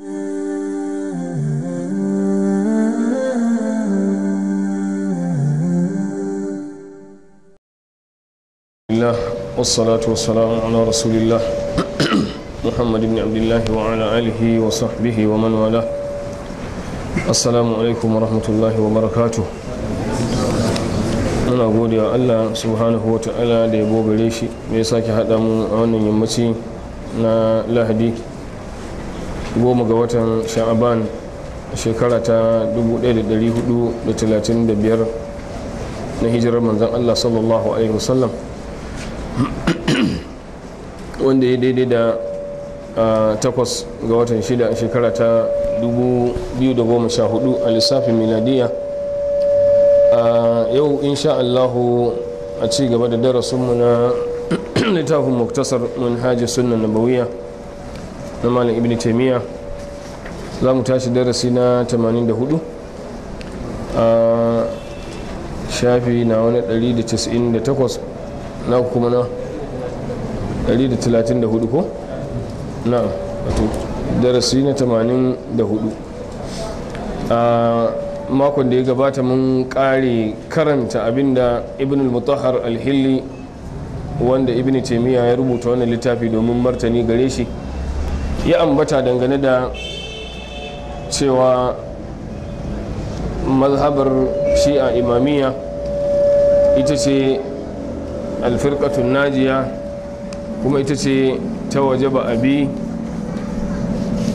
الله والصلاة والسلام على رسول الله محمد بن عبد الله وعلى آله وصحبه ومن والاه السلام عليكم ورحمة الله وبركاته muna gode wa allah subhanahu wa ta'ala da ya bobare shi mai sake haɗa mu a wannan yammaci na lahadi goma ga watan sha'aban shekara ta 1435 na hijirar manzan allah sallallahu alaihi wasallam wanda ya daidai da takwas ga watan shida a shekara ta 2014 a lissafin miladiya yau insha allahu a ci gaba da darasinmu na littafin muktasar manhaji sunan nabawiyya na malam ibn taimiyya za mu tashi darasi na 84 a shafi na wani 198 na kuma na 134 ko na wato darasi na 84 a makon da ya gabata mun kare karanta abinda ibn al-mutahar al-hilli wanda ibn taimiyya ya rubuta wani littafi domin martani gare shi ya ambata dangane da cewa mazhabar shi'a imamiya ita ce alfirkatun najiya kuma ita ce ta waje ba abi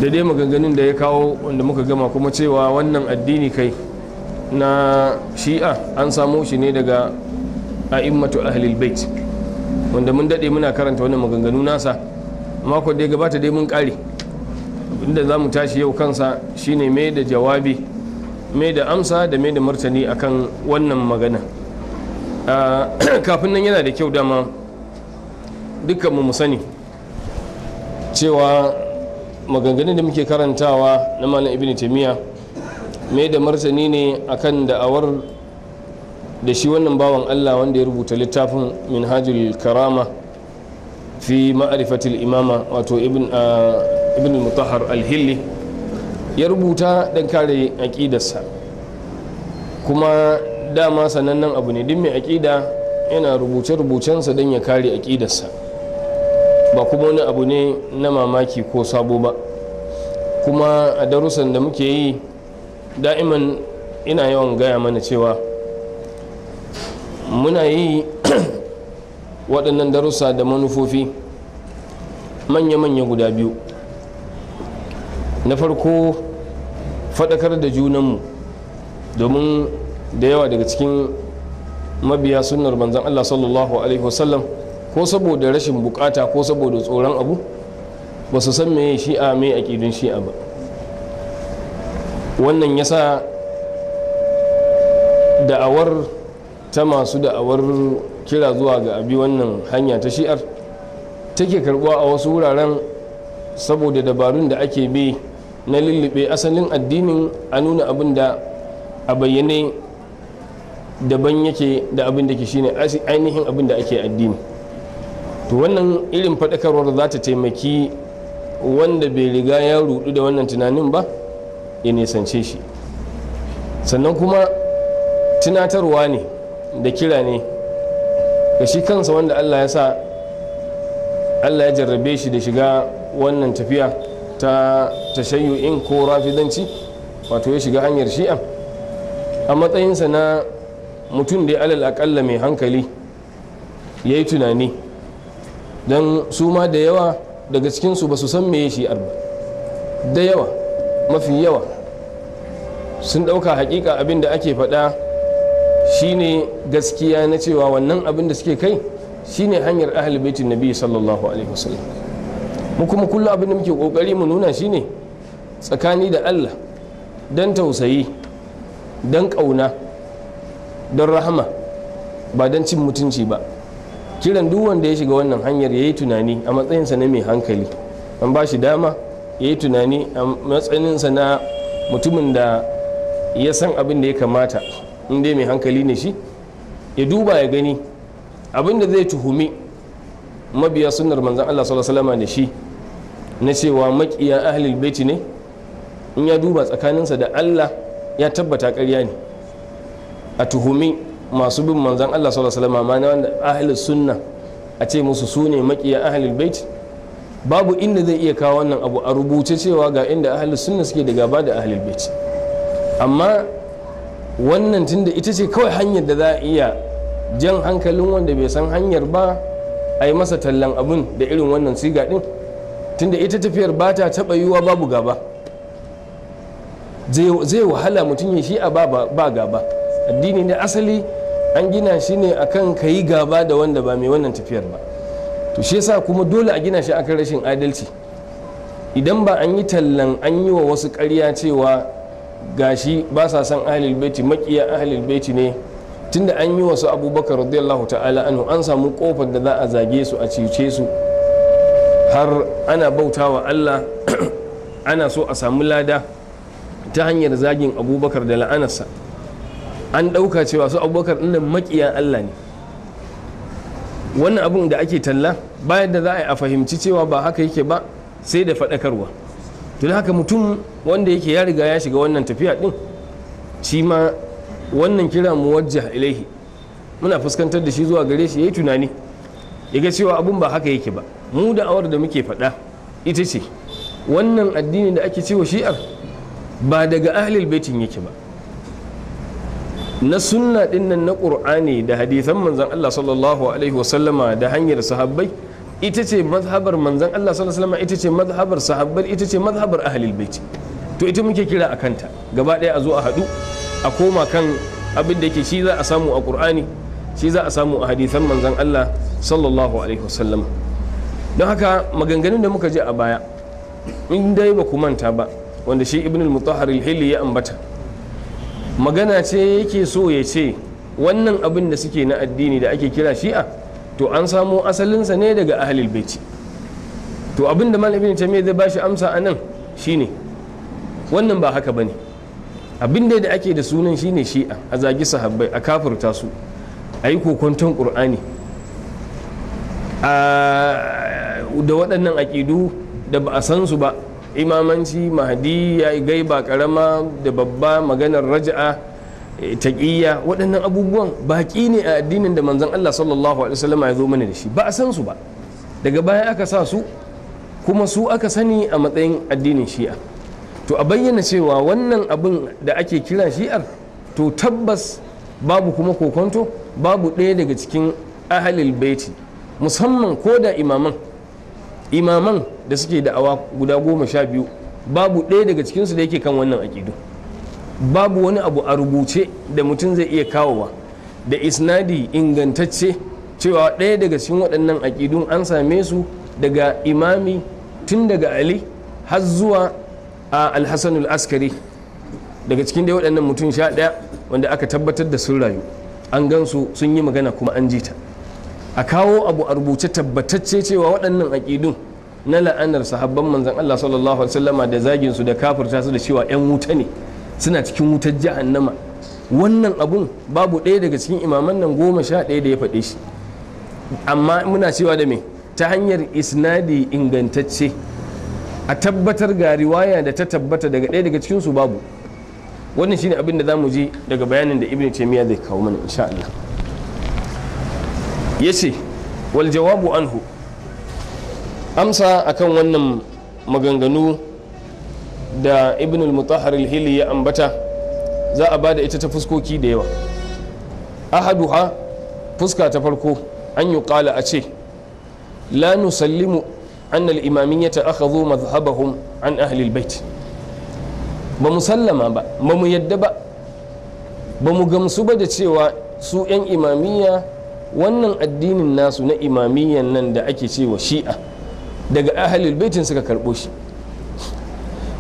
da dai maganganun da ya kawo wanda muka gama kuma cewa wannan addini kai na shi'a an samo shi ne daga a'immatu ahlul bait wanda mun dade muna karanta wannan maganganu nasa mako da ya gabata dai mun kare inda za mu tashi yau kansa shine mai da jawabi mai da amsa da mai da martani akan wannan magana ah, kafin nan yana da kyau dama dukkan mu sani cewa maganganun da muke karantawa na malam ibn taimiyya mai da martani ne akan da'awar da shi wannan bawan allah wanda ya rubuta littafin hajjul karama fi ma'arifatul imama wato ibn ah, al-mutahar al ya rubuta don kare aƙidarsa kuma dama sanannen abu ne duk mai aƙida yana rubuce-rubucensa don ya kare aƙidarsa ba kuma wani abu ne na mamaki ko sabo ba kuma a darussan da muke yi da'iman ina yawan gaya mana cewa muna yi waɗannan darussa da manufofi manya-manya guda biyu na farko faɗakar da junanmu domin da yawa daga cikin mabiya sunnar manzan Allah sallallahu alaihi wasallam ko saboda rashin bukata ko saboda tsoron abu ba su san meye shi'a mai aƙidin shi'a ba wannan ya sa da'awar ta masu da'awar kira zuwa ga abi wannan hanya ta shi'ar take karbuwa a wasu wuraren saboda dabarun da ake bi na lullube asalin addinin a nuna abin da a bayyane daban yake da abin da ke shine ainihin abin da ake addini to wannan irin faɗakarwar za ta taimaki wanda bai riga ya rudu da wannan tunanin ba ya nisance shi sannan kuma tunatarwa ne da kira ne da shi kansa wanda allah ya sa allah ya jarrabe shi da shiga wannan tafiya ta tashayyu'in ko rafidanci wato ya shiga hanyar shi'a a matsayinsa na mutum da ya alal akalla mai hankali ya yi tunani don su ma da yawa daga cikinsu ba su san meye shi'ar ba da yawa mafi yawa sun ɗauka hakika abin da ake faɗa shine gaskiya na cewa wannan abin da suke kai shine hanyar ahli baitin nabi sallallahu alaihi wasallam mu kuma kullu abin da muke kokari mu nuna shine tsakani da Allah dan tausayi dan kauna dan rahama ba dan cin mutunci ba kiran duk wanda ya shiga wannan hanyar yayi tunani a matsayinsa na mai hankali an ba shi dama yayi tunani a matsayinsa na mutumin da ya san abin da ya kamata in dai mai hankali ne shi ya duba ya gani abinda zai tuhumi mabiya sunnar manzan Allah sallallahu alaihi wasallam da shi na cewa makiya ahlul baiti ne in ya duba tsakaninsa da Allah ya tabbata karya ne a tuhumi masu bin manzan Allah sallallahu alaihi wasallam ma na wanda ahlus sunna a ce musu su ne makiya ahlul baiti babu inda zai iya kawo wannan abu a rubuce cewa ga inda ahlus sunna suke da gaba da ahlul baiti amma wannan tunda ita ce kawai hanyar da za a iya jan hankalin wanda bai san hanyar ba a yi masa tallan abin da irin wannan siga din tunda ita tafiyar ba ta taɓa yiwuwa babu gaba zai wahala mutum ya shi a ba gaba addini na asali an gina shi ne akan ka yi gaba da wanda ba mai wannan tafiyar ba to shi yasa kuma dole a gina shi akan rashin adalci idan ba an yi tallan an yi wa wasu karya cewa gashi ba sa san ahlul baiti makiya ahlul baiti ne tunda an yi wasu abubakar radiyallahu ta'ala anhu an samu kofar da za a zage su a cice su har ana bautawa Allah ana so a samu lada ta hanyar zagin abubakar da la'anarsa an ɗauka cewa su abubakar ɗin makiya Allah ne wannan abun da ake talla bayan da za a yi a fahimci cewa ba haka yake ba sai da faɗakarwa to haka mutum wanda yake ya riga ya shiga wannan tafiya din shi ma wannan kira muwajjah ilaihi muna fuskantar da shi zuwa gare shi ya yi tunani ya ga cewa abun ba haka yake ba mu da awar da muke faɗa ita ce wannan addini da ake cewa shi'ar ba daga ahlil baitin yake ba na sunna dinnan na ƙur'ani da hadisan manzan Allah sallallahu alaihi wasallama da hanyar sahabbai ita ce mazhabar manzan Allah sallallahu alaihi wasallam ita ce mazhabar sahabbai ita ce mazhabar ahlul baiti to ita muke kira a kanta gaba ɗaya a zo a haɗu a koma kan abin da yake shi za a samu a qur'ani shi za a samu a hadisan manzan Allah sallallahu alaihi wasallam don haka maganganun da muka je a baya in dai ba ku manta ba wanda shi ibn al-mutahhar al-hilli ya ambata magana ce yake so ya ce wannan abin da suke na addini da ake kira shi'a to an samo asalinsa ne daga ahalil baiti to abin da malam ibn tamiya zai bashi amsa a nan shine wannan ba haka bane abin da ake da sunan shine shi'a a zagi sahabbai a kafirta su a yi kokonton qur'ani da waɗannan aƙidu da ba a san su ba imamanci mahadi ya gaiba ƙarama da babba maganar raja'a taƙiyya waɗannan abubuwan baƙi ne a addinin da manzon Allah sallallahu alaihi wasallam ya zo mana da shi ba a san su ba daga baya aka sa su kuma su aka sani a matsayin addinin shi'a to a bayyana cewa wannan abin da ake kira shi'ar to tabbas babu kuma kokonto babu ɗaya daga cikin ahalil baiti musamman ko da imaman imaman da suke da'awa guda goma sha biyu babu ɗaya daga cikinsu da yake kan wannan aƙidu babu wani abu a rubuce da mutum zai iya kawowa da isnadi ingantacce cewa ɗaya daga cikin waɗannan aƙidun an same su daga imami tun daga ali har zuwa a alhassanul askari daga cikin da waɗannan mutum sha ɗaya wanda aka tabbatar da sun rayu an gansu sun yi magana kuma an ji ta a kawo abu a rubuce tabbatacce cewa waɗannan aƙidun na la'anar sahabban manzan allah sallallahu alaihi wasallama da zaginsu da kafirta su da cewa 'yan wuta ne suna cikin wutar jahannama wannan abun babu ɗaya daga cikin imaman nan goma sha ɗaya da ya faɗe shi amma muna cewa da me ta hanyar isnadi ingantacce a tabbatar ga riwaya da ta tabbata daga ɗaya daga cikinsu babu wannan shine abin da za mu ji daga bayanin da ibn taymiya zai kawo mana insha Allah yace wal jawabu anhu amsa akan wannan maganganu da ibnul al hili ya ambata za a bada ita ta fuskoki da yawa ha fuska ta farko an yi kala a ce la nusallimu an al-imamiyyata akhadhu madhhabahum an ahli bait ba mu sallama ba ba mu yadda ba ba mu gamsu ba da cewa su 'yan imamiyya wannan addinin nasu na imamiyyan nan da ake cewa shi'a daga ahlil baitin suka karɓo shi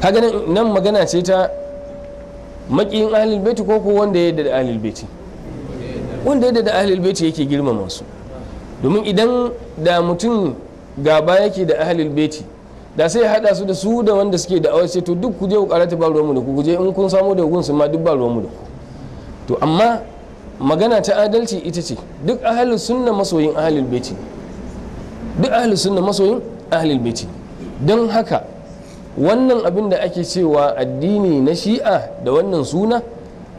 kaga nan magana ce ta makiyin ahalil baiti ko ko wanda ya yadda da ahlul baiti wanda ya yadda da ahlul baiti yake girmama su domin idan da mutum gaba yake da ahalil baiti da sai hada su da su da wanda suke da awace to duk ku je ku karata ba ruwanmu da ku je in kun samu da gunsu ma duk ba ruwanmu da ku to amma magana ta adalci ita ce duk ahlus sunna masoyin ahalil baiti duk ahlus sunna masoyin ahalil baiti don haka wannan abin da ake cewa addini na shi'a da wannan suna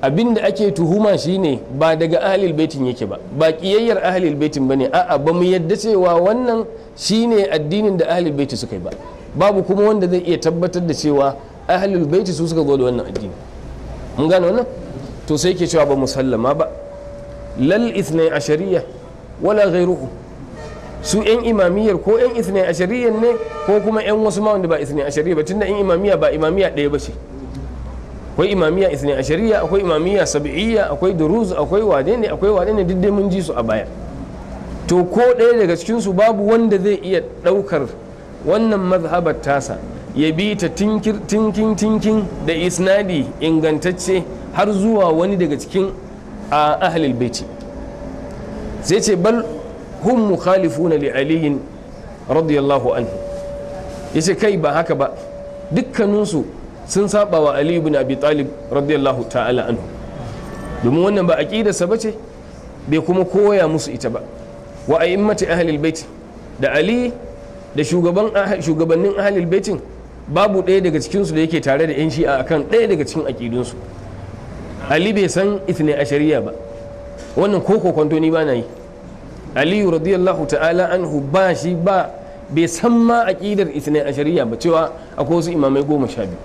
abin da ake tuhuma shine ba daga ahalil baitin yake ba ba kiyayyar ahalil baitin ne a'a ba mu yadda cewa wannan shine addinin da ahalil baiti suka yi ba babu kuma wanda zai iya tabbatar da cewa ahalil baiti su suka zo da wannan addini mun gane wannan to sai ke cewa ba musallama ba lal ithnai ashariya wala ghayruhu su yan imamiyar ko yan isne ashariyyar ne ko kuma yan wasu ma wanda ba isne ashariyyar ba tunda yan imamiya ba imamiya ɗaya ba ce akwai imamiya isne ashariya akwai imamiya sab'iyya akwai duruz akwai wane ne akwai wane ne duk dai mun ji su a baya to ko ɗaya daga cikin su babu wanda zai iya ɗaukar wannan mazhabar tasa ya bi ta tinkin tinkin da isnadi ingantacce har zuwa wani daga cikin a ahlul baiti sai ce bal hum mukhalifuna li aliyin radiyallahu anhu yace kai ba haka ba dukkaninsu sun saba wa Aliyu ibn abi talib radiyallahu ta'ala anhu domin wannan ba aqidarsa bace bai kuma koya musu ita ba wa a'immati ahlil bait da ali da shugaban ah, shugabannin ahlil baitin babu ɗaya daga cikinsu da yake tare da yan shi'a akan ɗaya daga cikin aƙidunsu ali bai san ithne ashariya ba wannan ko kokonto ni ba na yi aliyu radiyallahu ta'ala anhu ba shi ba bai san ma aqidar isnai ashariya ba cewa akwai wasu imamai goma sha biyu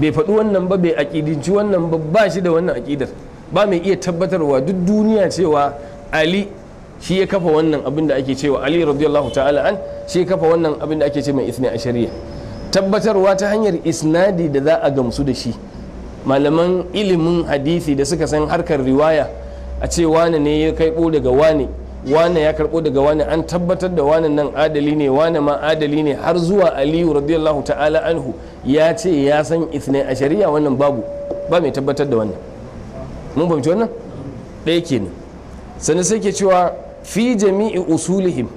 bai faɗi wannan ba bai aƙidinci wannan ba ba shi da wannan aƙidar ba mai iya tabbatarwa duk duniya cewa ali shi ya kafa wannan abin da ake cewa ali radiyallahu ta'ala an shi ya kafa wannan abin da ake ce mai a ashariya tabbatarwa ta hanyar isnadi da za a gamsu da shi malaman ilimin hadisi da suka san harkar riwaya a cewa wane ne ya kai daga wane wane ya karbo daga wane an tabbatar da wane nan adali ne wane ma adali ne har zuwa aliyu radiyallahu ta'ala anhu ya ce ya san a shari'a wannan babu ba mai tabbatar da wannan mun fahimci wannan ɗaya kenan sannan sai ke cewa fi jami'i usulihim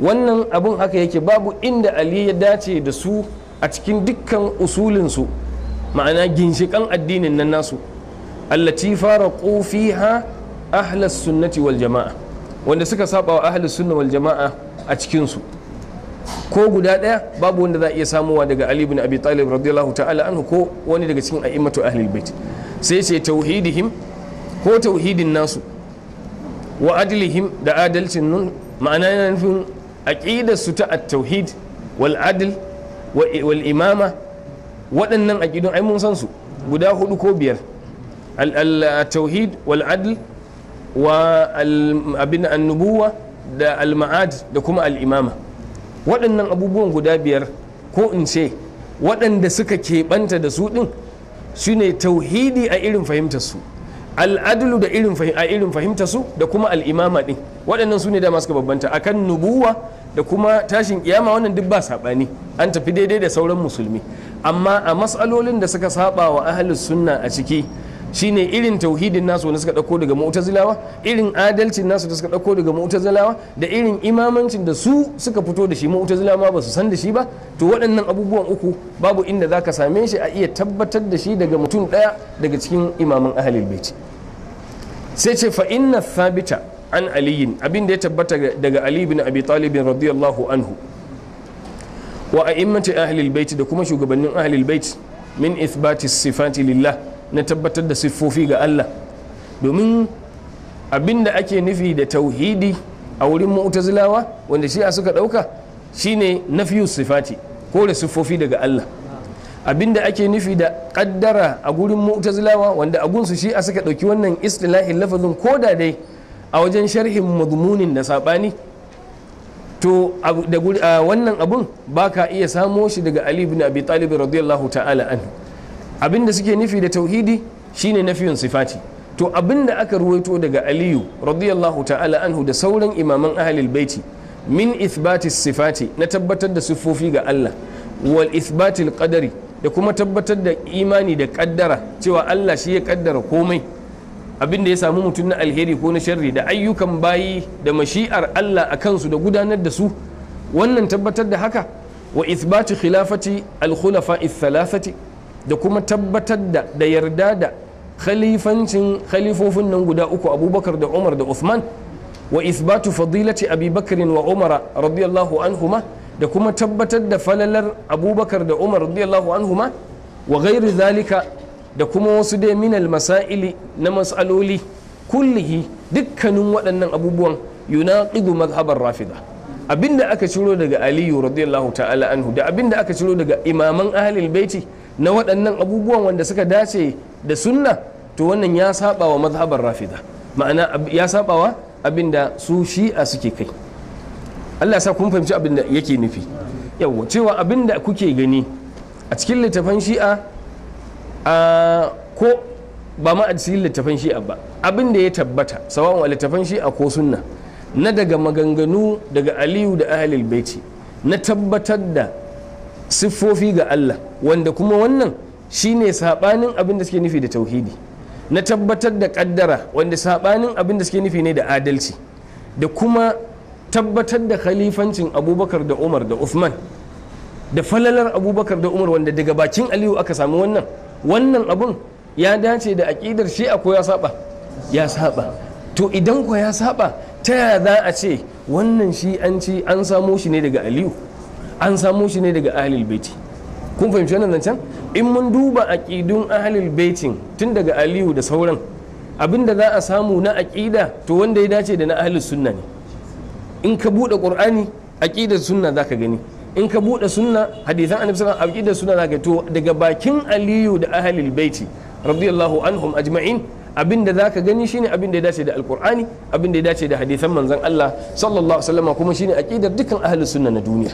wannan abun haka yake babu inda ali ya dace da su a cikin dukkan usulinsu ma'ana ginshikan addinin nan nasu allati fara ha ahlas sunnati wal jama'a wanda suka saba wa ahli sunna wal jama'a a cikinsu. ko guda daya babu wanda za a iya samuwa daga ali ibn abi talib radiyallahu ta'ala anhu ko wani daga cikin a'immatu ahli bait sai ce tauhidihim ko tauhidin nasu wa adlihim da adalcin nun ma'ana yana nufin aqidar su ta at-tauhid wal adl wal imama waɗannan aqidun ai mun san su guda hudu ko biyar al-tauhid wal adl wa abin annubuwa da da kuma al'imama waɗannan abubuwan guda biyar ko in ce waɗanda suka keɓanta da su ɗin su ne tauhidi a irin fahimtarsu al'adulu da irin a irin su da kuma al'imama ɗin waɗannan su ne dama suka babbanta akan nubuwa da kuma tashin kiyama wannan duk ba saɓani an tafi daidai da sauran musulmi amma a matsalolin da suka saba wa ahalus sunna a ciki shine irin tauhidin nasu wanda suka dauko daga mu'tazilawa irin adalcin nasu da suka dauko daga mu'tazilawa da irin imamancin da su suka fito da shi mu'tazilawa ma ba su san da shi ba to waɗannan abubuwan uku babu inda zaka same shi a iya tabbatar da shi daga mutum ɗaya daga cikin imaman ahlul sai ce fa inna thabita an aliyin abin da ya tabbata daga ali bin abi talib radiyallahu anhu wa a'immati ahlil bait da kuma shugabannin ahlil bait min ithbati sifati lillah na tabbatar da siffofi ga Allah domin abinda ake nufi da tauhidi a wurin mu'tazilawa wanda shi a suka ɗauka shine nafiyu sifati da siffofi daga Allah Abinda ake nufi da ƙaddara a gurin mu'tazilawa wanda a gunsu shi a suka ɗauki wannan istilahin lafazin da dai a wajen sharhin mazmunin na sabani to wannan abun baka iya samo shi daga ali ibn abi talib radiyallahu ta'ala anhu abinda suke nufi da tauhidi shine nafiyan sifati to abinda aka ruwaito daga aliyu radiyallahu ta'ala anhu da sauran imaman ahalil baiti min ithbati sifati na tabbatar da siffofi ga Allah wal ithbatil qadari da kuma tabbatar da imani da kaddara cewa Allah shi ya kaddara komai abinda ya samu mutum na alheri ko na sharri da ayyukan bayi da mashi'ar Allah a kansu da gudanar da su wannan tabbatar da haka wa ithbati khilafati al khulafa thalathati da kuma tabbatar da da yarda da khalifancin khalifofin nan guda uku abubakar da umar da uthman wa isbatu fadilati abubakarin wa umar radiyallahu anhuma da kuma tabbatar da falalar abubakar da umar radiyallahu anhuma wa gairi zalika da kuma wasu dai minal masaili na masaloli kullihi dukkanin waɗannan abubuwan yunaqidu mazhabar rafida abinda aka ciro daga aliyu radiyallahu ta'ala anhu da abinda aka ciro daga imaman ahlul baiti na waɗannan abubuwan wanda suka dace da sunna to wannan ya saba wa mazhabar rafida ma'ana ya saba wa abinda su shi'a suke kai Allah sa kun fahimci abinda yake nufi yawa cewa abinda kuke gani a cikin littafan shi'a a ko ba ma a cikin littafan shi'a ba abinda ya tabbata sawan a littafan shi'a ko sunna na daga maganganu daga aliyu da ahlul baiti na tabbatar da siffofi ga Allah wanda kuma wannan shine sabanin abin da suke nufi da tauhidi na tabbatar da kaddara wanda saɓanin abin da suke nufi ne da adalci da kuma tabbatar da khalifancin abubakar da umar da uthman da falalar abubakar da umar wanda daga bakin aliyu aka sami wannan wannan abun ya dace da aƙidar shi ko ya saba ya saba to idan ko ya saba ta ya za a ce wannan shi an ci an samo shi ne daga aliyu an samo shi ne daga ahlul baiti kun fahimci wannan nan can? in mun duba aƙidun ahlul baitin tun daga aliyu da sauran abinda za a samu na aƙida to wanda ya dace da na ahlus sunna ne in ka buɗe ƙur'ani aƙidar sunna zaka gani in ka buɗe sunna hadisan annabi sallallahu alaihi wasallam aƙidar sunna zaka to daga bakin aliyu da ahlul baiti radiyallahu anhum ajma'in abin da zaka gani shine abin da ya dace da alqur'ani abin da ya dace da hadisan manzon Allah sallallahu alaihi wasallam kuma shine aqidar dukkan ahlus sunna na duniya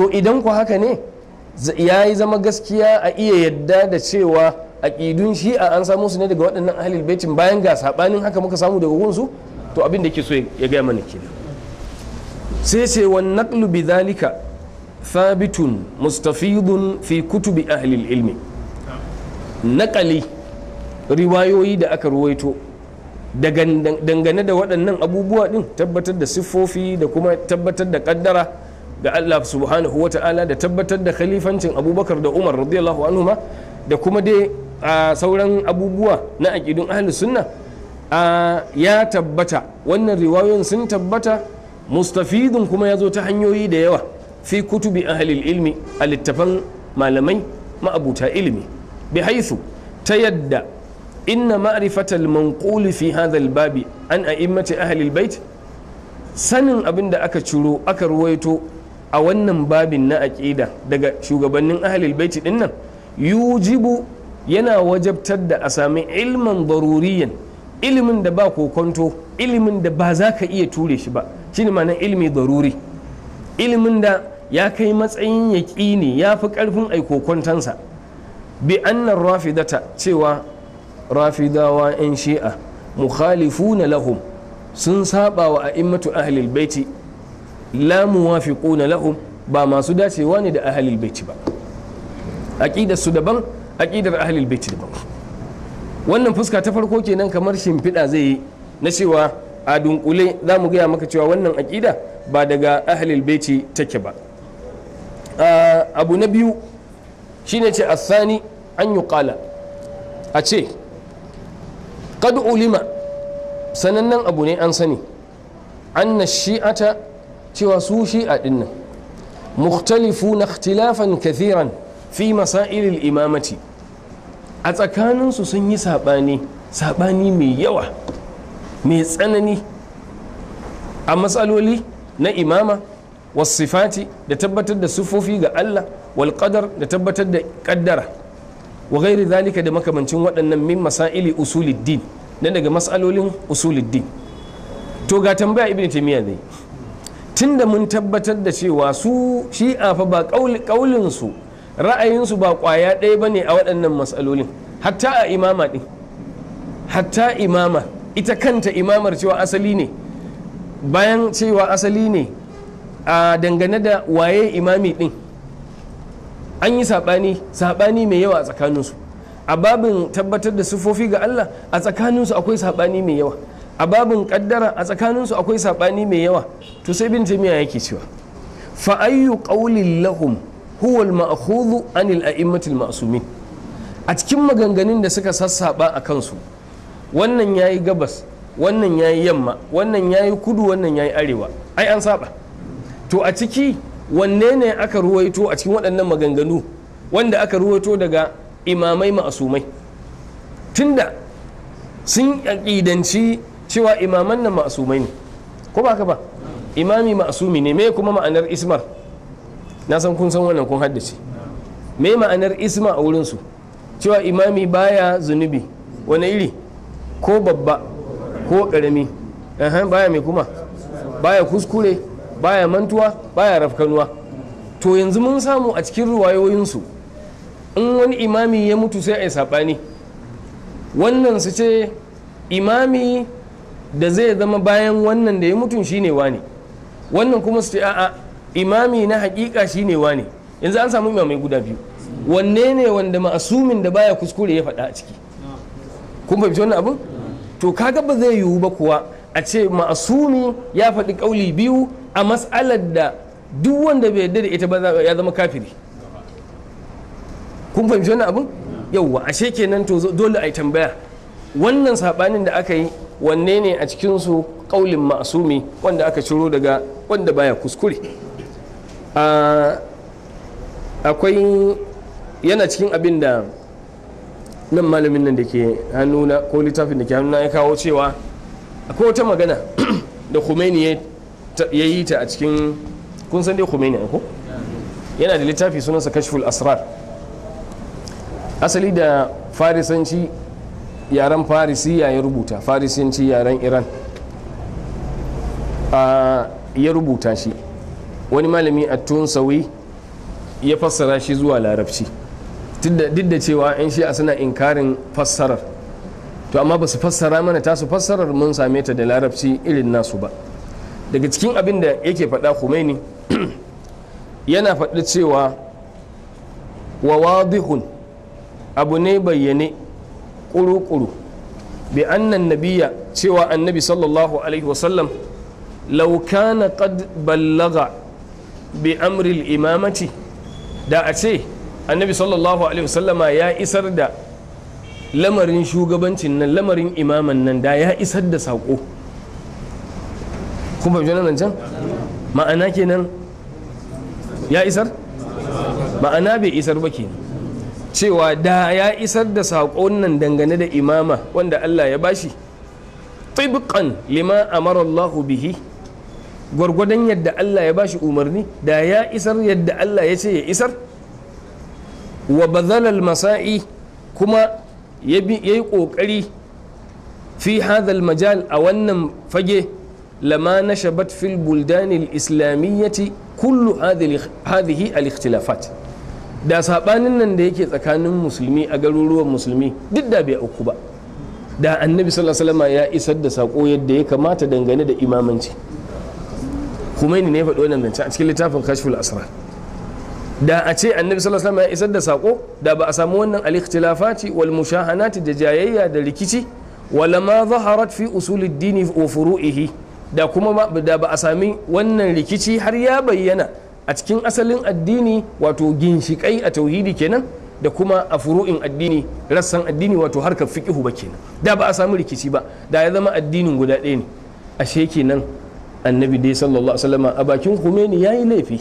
to idan ku haka ne ya yi zama gaskiya a iya yadda da cewa a shi a an samu su ne daga waɗannan ahalil baitin bayan ga saɓanin haka muka samu daga gunsu to abin da ke so ya gaya mana ke sai ce wa naqlu sabitun thabitun mustafidun fi kutubi ahlil ilmi naƙali riwayoyi da aka ruwaito dangane da waɗannan abubuwa ɗin tabbatar da siffofi da kuma tabbatar da ƙaddara ga Allah subhanahu wa ta'ala da tabbatar da khalifancin abubakar da umar radiyallahu anhuma da kuma dai a sauran abubuwa na aƙidun ahli sunna ya tabbata wannan riwayoyin sun tabbata mustafidun kuma ya zo ta hanyoyi da yawa fi kutubi ahli ilmi a littafan malamai ma'abuta ilimi bi haisu ta yadda inna ma'rifatal manquli fi hadha babi an a'immati ahli bait sanin abin da aka ciro aka ruwaito a wannan babin na aƙida daga shugabannin ahalil baiti din nan yujibu yana wajabtar da a sami ilman daruriyan ilimin da ba kokonto ilimin da ba za ka iya ture shi ba shi ne ma'anar ilimi daruri ilimin da ya kai matsayin yaƙini ya fi ƙarfin aikokontansa bi annan rafidata cewa rafidawa 'yan shi'a mukhalifu na lahum sun saba wa a'immatu ahlul baiti la muwafiquna lahum ba masu dacewa ne da ahlul baiti ba aqidar su daban aƙidar ahlul baiti daban wannan fuska ta farko kenan kamar shimfiɗa zai yi na cewa a dunkule za mu gaya maka cewa wannan aƙida ba daga ahlul baiti take ba abu na biyu shine ce asani an yi ƙala a ce kad ulima sanannen abu ne an sani anna shi'ata cewa su a dinnan mukhtalifu na ikhtilafan kathiran fi masailil imamati a tsakaninsu sun yi saɓani saɓani mai yawa mai tsanani a matsaloli na imama wasifati da tabbatar da sufofi ga Allah wal qadar da tabbatar da kaddara wa gairi zalika da makamancin waɗannan min masaili usuluddin na daga matsalolin usuluddin to ga tambaya ibn taymiya zai tunda mun tabbatar da cewa su shi'a fa ba ƙaulinsu ra'ayinsu ba ƙwaya ɗaya ba ne a waɗannan matsalolin hatta a imama ɗin hatta imama ita kanta imamar cewa asali ne bayan cewa asali ne a dangane da waye imami ɗin an yi saɓani saɓani mai yawa a tsakaninsu a babin tabbatar da sufofi ga Allah a tsakaninsu akwai saɓani mai yawa a babin kaddara a tsakaninsu akwai saɓani mai yawa to sai bin taimiyya yake cewa fa ayyu qawlin lahum huwa al-ma'khudhu anil a'immatil ma'sumin a cikin maganganun da suka sassaba a kansu wannan yayi gabas wannan yayi yamma wannan yayi kudu wannan yayi arewa ai an saba to a ciki wanne ne aka ruwaito a cikin waɗannan maganganu wanda aka ruwaito daga imamai masumai. tunda sun aƙidanci cewa imaman nan ma'asumai ne ko ba ka ba imami ma'asumi ne me kuma ma'anar ismar na san kun san wannan kun haddace me ma'anar isma a wurinsu cewa imami baya zunubi wani iri ko babba ko karami baya mai kuma baya kuskure baya mantuwa baya rafkanuwa to yanzu mun samu a cikin ruwayoyinsu in wani imami ya mutu sai a yi saɓani wannan su ce imami da zai zama bayan wannan da ya mutum shine wane wannan kuma su ce a'a imami na hakika shine wane yanzu an samu imamai guda biyu wanne ne wanda ma'asumin da baya kuskure ya fada a ciki kun fahimci wannan abin to kaga ba zai yiwu ba kuwa a ce ma'asumi ya faɗi ƙauli biyu a mas'alar da duk wanda bai yarda da ita ba ya zama kafiri kun fahimci wannan abin yauwa ashe kenan to dole a yi tambaya wannan saɓanin da aka yi wanne ne a cikinsu ƙaulin ma'asumi wanda aka ciro daga wanda baya kuskure akwai yana cikin abin da nan malamin nan da ke hannuna ko littafin da ke hannuna ya kawo cewa akwai wata magana da khomeini ya yi ta a cikin kun san dai khomeini ko yana da littafi sunansa kashful asrar asali da farisanci yaren farisiya ya rubuta farisinci yaren iran ya rubuta shi wani malami a sauyi ya fassara shi zuwa larabci duk da cewa 'yan shi'a suna inkarin fassarar to amma ba su fassara mana tasu fassarar mun same ta da larabci irin nasu ba daga cikin abin da yake faɗa Khomeini yana faɗi cewa wa wadihun abu ne bayyane kuru-kuru bi annan nabiya cewa annabi sallallahu alaihi wasallam law kana qad ballaga bi amril imamati da a ce annabi sallallahu alaihi wasallama ya isar da lamarin shugabancin nan lamarin imaman nan da ya isar da saƙo kuma nan can ma'ana kenan ya isar ma'ana bai isar ba kenan cewa da ya isar da saƙon nan dangane da imama wanda Allah ya bashi tibqan lima amara Allah bihi gwargwadon yadda Allah ya bashi umarni da ya isar yadda Allah ya ce ya isar wa bazalal masa'i kuma ya yi ƙoƙari fi hadhal majal a wannan fage lama na shabat fil buldanil islamiyyati kullu hadhihi al-ikhtilafat da sabanin nan da yake tsakanin musulmi a garuruwan musulmi duk da bai auku ba da annabi sallallahu alaihi wasallam ya isar da sako yadda ya kamata dangane da imamanci ni ne faɗi wannan zance a cikin littafin kashful asrar da a ce annabi sallallahu alaihi wasallam ya isar da sako da ba a samu wannan al-ikhtilafati wal mushahanati da jayayya da rikici wala ma zaharat fi usul ad-din wa furu'ihi da kuma da ba a sami wannan rikici har ya bayyana a cikin asalin addini wato ginshikai a tauhidi kenan da kuma a furu'in addini rassan addini wato harkar fiqihu ba kenan da ba a samu rikici ba da ya zama addinin guda ɗaya ne ashe nan annabi dai sallallahu alaihi wasallam a bakin Khomeini yayi laifi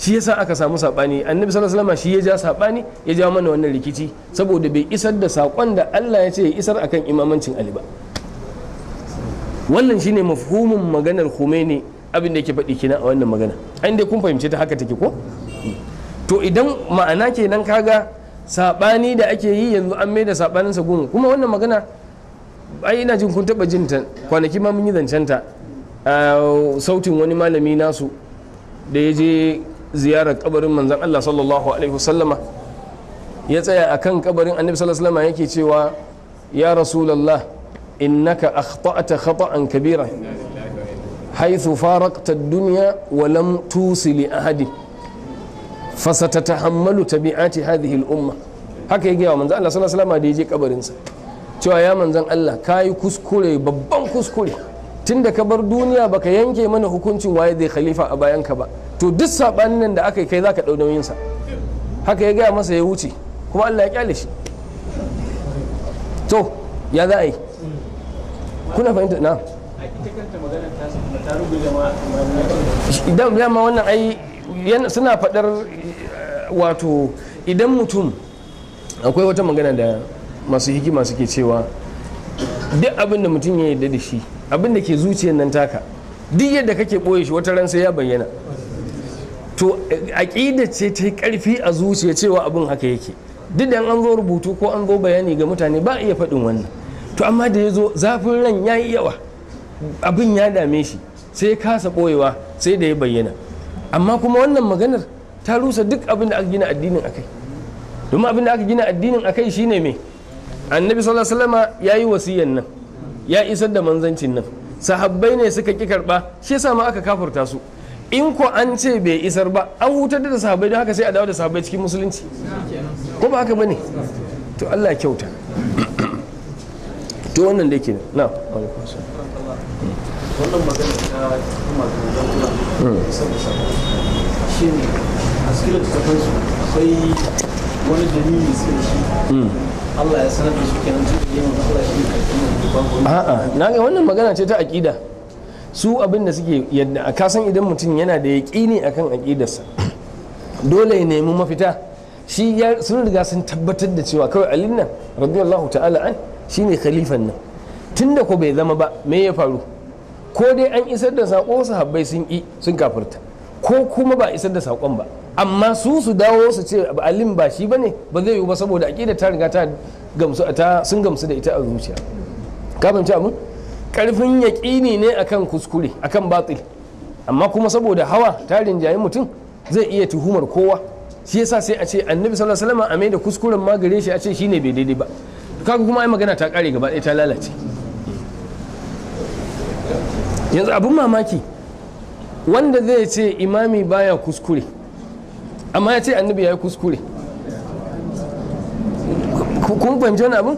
shi yasa aka samu sabani annabi sallallahu alaihi wasallam shi ya ja sabani ya ja mana wannan rikici saboda bai isar da sakon da Allah ya ce ya isar akan imamancin Ali ba wannan shine mafhumin maganar Khomeini abin da yake faɗi kina a wannan magana an dai kun fahimce ta haka take ko to idan ma'ana kenan kaga saɓani da ake yi yanzu an maida saɓaninsa goma kuma wannan magana ai ina jin kun taɓa jin ta kwanaki ma mun yi zancen ta ah, sautin wani malami nasu da ya je ziyarar kabarin manzan Allah sallallahu alaihi wasallama ya tsaya akan kabarin annabi sallallahu alaihi wasallama yake cewa ya rasulullah innaka akhta'ta khata'an kabira haithu farakta duniya walam tusili ahadin fasatatahammalu ta hadhihi al-umma haka ya gaya manzan Allah sallallahu alaihi da je kabarinsa cewa ya manzan Allah kayi kuskure babban kuskure tunda ka bar duniya baka yanke mana hukuncin waye zai khalifa a bayan ka ba to duk saɓanin nan da aka yi kai zaka ɗau nauyin sa haka ya gaya masa ya wuce kuma Allah ya ƙyale shi to ya za a yi kuna fahimta na ita kanta idan dama wannan ai suna faɗar eh, wato idan mutum akwai wata magana da masu hikima suke cewa duk abin da mutum ya yarda da shi abin da ke zuciyar nan taka duk yadda kake boye shi wata ran sai ya bayyana to eh, aƙida ce ta karfi a zuciya cewa abin haka yake duk da an zo rubutu ko an zo bayani ga mutane ba iya faɗin wannan to amma da ya zo zafin ran ya yi yawa abin ya dame shi sai ya kasa boyewa sai da ya bayyana amma kuma wannan maganar ta rusa duk abin da aka gina addinin akai domin abin da aka gina addinin akai shine me annabi sallallahu alaihi wasallama yayi wasiyan nan ya isar da manzancin nan sahabbai ne suka ki karba shi yasa ma aka kafurta su in ko an ce bai isar ba an hutar da sahabbai don haka sai a dawo da sahabbai cikin musulunci ko ba haka bane to Allah kyauta to wannan da yake na wannan magana wani da a'a na ga wannan magana ce ta aƙida su abin da suke yadda a kasan idan mutum yana da yaƙini akan aƙidarsa dole ya nemi mafita shi sun riga sun tabbatar da cewa kawai alin nan radiyallahu ta'ala an shi ne khalifan nan tunda ko bai zama ba me ya faru ko dai an isar da saƙo sahabbai sun ƙi sun kafirta ko kuma ba isar da saƙon ba amma su su dawo su ce alim ba shi bane ba zai yiwu ba saboda aƙida ta riga ta gamsu ta sun gamsu da ita a zuciya ka fahimci abin karfin yaƙini ne akan kuskure akan batil amma kuma saboda hawa ta rinjaye mutum zai iya tuhumar kowa shi yasa sai a ce annabi sallallahu alaihi wasallam a mai da kuskuren ma gare shi a ce shine bai daidai ba kaga kuma ai magana ta kare gaba ɗaya ta lalace yanzu abin mamaki wanda zai ce imami baya kuskure amma ya ce annabi ya yi kuskure kun fahimci wani abin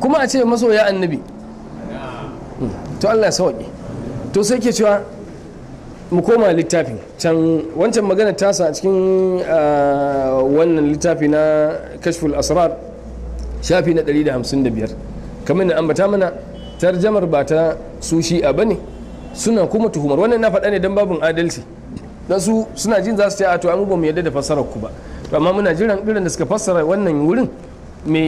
kuma a ce maso ya annabi hmm, to Allah ya sauƙi to sai ke cewa mu koma littafin can wancan magana tasa a cikin ah, wannan littafi na kashful asrar shafi na 155 kamar na ambata mana tarjamar ba ta sushi a bane. ne suna kuma tuhumar wannan na faɗa ne don babin adalci don su suna jin za su ce a to an ba mu yadda da fassarar ku ba to amma muna jiran irin da suka fassara wannan wurin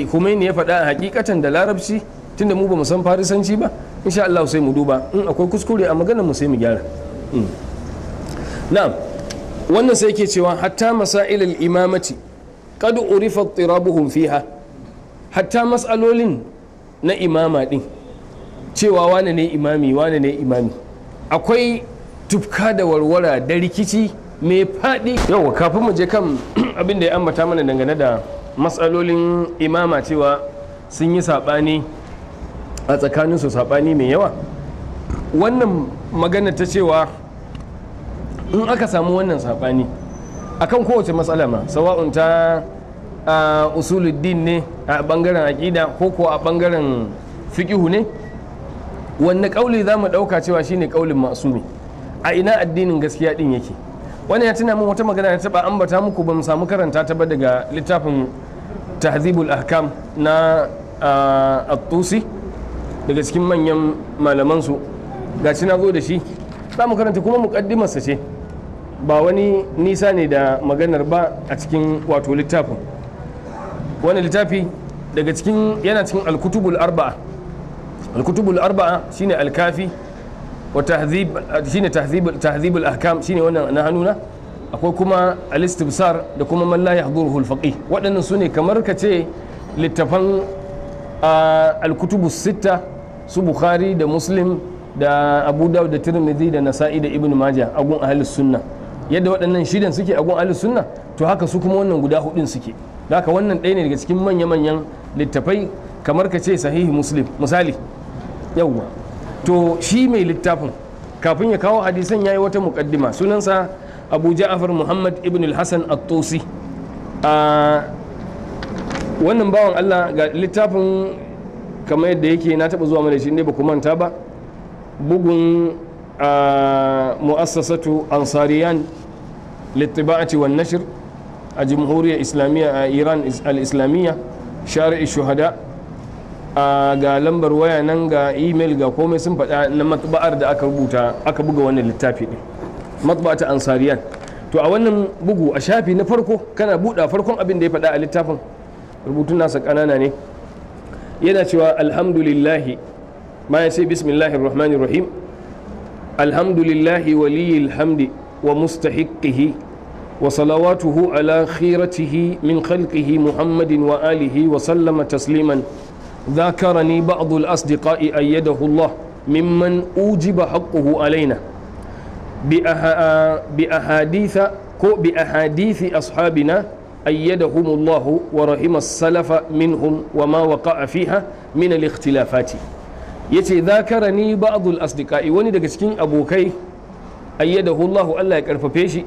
kumai ne ya faɗa a hakikatan da larabci tunda mu ba mu san farisanci ba insha Allah sai mu duba in akwai kuskure a maganar mu sai mu gyara hmm. na'am wannan sai yake cewa hatta masail al-imamati qad urifa tirabuhum fiha hatta mas'alolin na imama din cewa wane ne imami wane ne imami akwai tufka da warwara da rikici mai faɗi yau kafin mu je kan abin da ya ambata mana dangane da matsalolin imama cewa sun yi saɓani a tsakanin su saɓani mai yawa wannan magana ta cewa in aka samu wannan saɓani akan kowace matsala ma sawa'un ta usuluddin ne a bangaren aƙida ko kuwa a ɓangaren fiƙihu ne wanne kauli za mu ɗauka cewa shine kaulin masumi a ina addinin gaskiya din yake wani ya tuna min wata magana da taba ambata muku ba mu samu karanta ta ba daga littafin tahzibul ahkam na at-tusi daga cikin manyan malaman su gashi na zo da shi za mu karanta kuma muqaddimarsa ce ba wani nisa ne da maganar ba a cikin wato littafin wani littafi daga cikin yana cikin alkutubul arba'a alkutubu arba'a shine al-kafi wa tahzib shine tahzib tahzibul wannan na hannuna akwai kuma al-istibsar da kuma man la yahduruhu al waɗannan kamar ka ce littafan al su bukhari da muslim da abu dawud da tirmidhi da nasa'i da ibn majah agun ahlus sunna yadda waɗannan shidan suke agun ahlus sunna to haka su kuma wannan guda hudun suke haka wannan ɗaya ne daga cikin manya-manyan littafai kamar ka ce sahihi muslim misali yauwa to shi mai littafin kafin ya kawo hadisan ya yi wata mukaddima sunansa abu ja'afar muhammad ibn al-hasan at-tusi a wannan bawan Allah ga littafin kamar yadda yake na taba zuwa mana shi ne ba ku manta ba bugun mu'assasatu ansariyan littiba'ati wan nashr a jamhuriyar islamiyya a iran al-islamiyya shari'i shuhada ga lambar waya nan ga email ga komai sun faɗa na matba'ar da aka rubuta aka buga wannan littafi ɗin matba'a ta ansariyan to a wannan bugu a shafi na farko kana buɗa farkon abin da ya faɗa a littafin rubutun nasa ƙanana ne yana cewa alhamdulillahi bayan sai bismillahi rahmanir rahim alhamdulillahi waliyil hamdi wa mustahiqihi wa salawatuhu ala khiratihi min khalqihi muhammadin wa alihi wa sallama tasliman ذكرني بعض الأصدقاء أيده الله ممن أوجب حقه علينا بأحاديث كو بأحاديث أصحابنا أيدهم الله ورحم السلف منهم وما وقع فيها من الاختلافات yace zakarani ba'dul asdiqai wani daga cikin abokai ayyadahu Allah Allah ya karfafe shi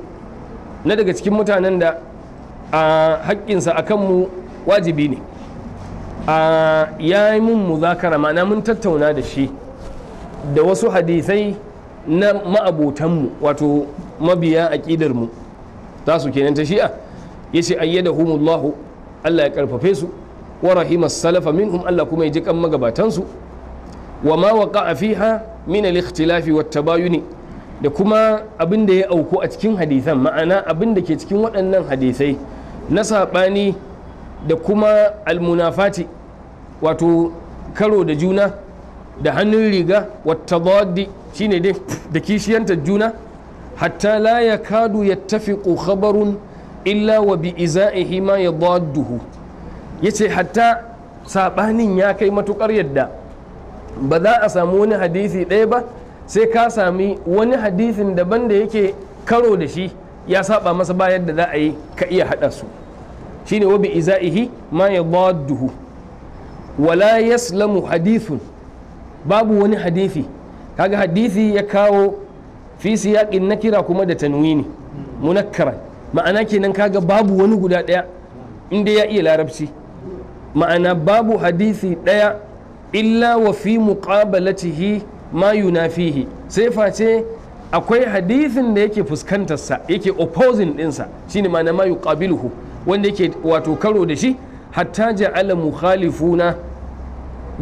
na daga cikin mutanen da a haƙƙinsa akan mu wajibi ne ya yi mun muzakara ma'ana mun tattauna da shi da wasu hadisai na ma'abotanmu wato mabiya aƙidarmu za su kenan ta shi'a ya ce ayyadahumullahu Allah ya karfafe su wa rahimas salafa minhum Allah kuma ya ji kan magabatansu wa ma waqa'a fiha min al-ikhtilafi wat tabayuni da kuma abin da ya auku a cikin hadisan ma'ana abin da ke cikin waɗannan hadisai na saɓani da kuma almunafati wato karo da juna da hannun riga wata shi shine dai da kishiyanta juna hatta la ya kadu ya tafi khabarun illa wa bi iza'ihi ma ya duhu ya hatta saɓanin ya kai matuƙar yadda ba za a samu wani hadisi ɗaya ba sai ka sami wani hadisin daban da yake karo da shi ya saba masa bayan da za a yi ka iya haɗa su shine wa bi izaihi ma yadadduhu wala yaslamu hadithun babu wani hadithi kaga hadithi ya kawo fi siyaqin nakira kuma da tanwini munakkara ma'ana kenan kaga babu wani guda daya inda ya iya larabci ma'ana babu hadithi daya illa wa fi muqabalatihi ma yunafihi sai face akwai hadithin da yake fuskantarsa yake opposing dinsa shine ma'ana ma yuqabiluhu wanda yake wato karo da shi hatta ja'ala mukhalifuna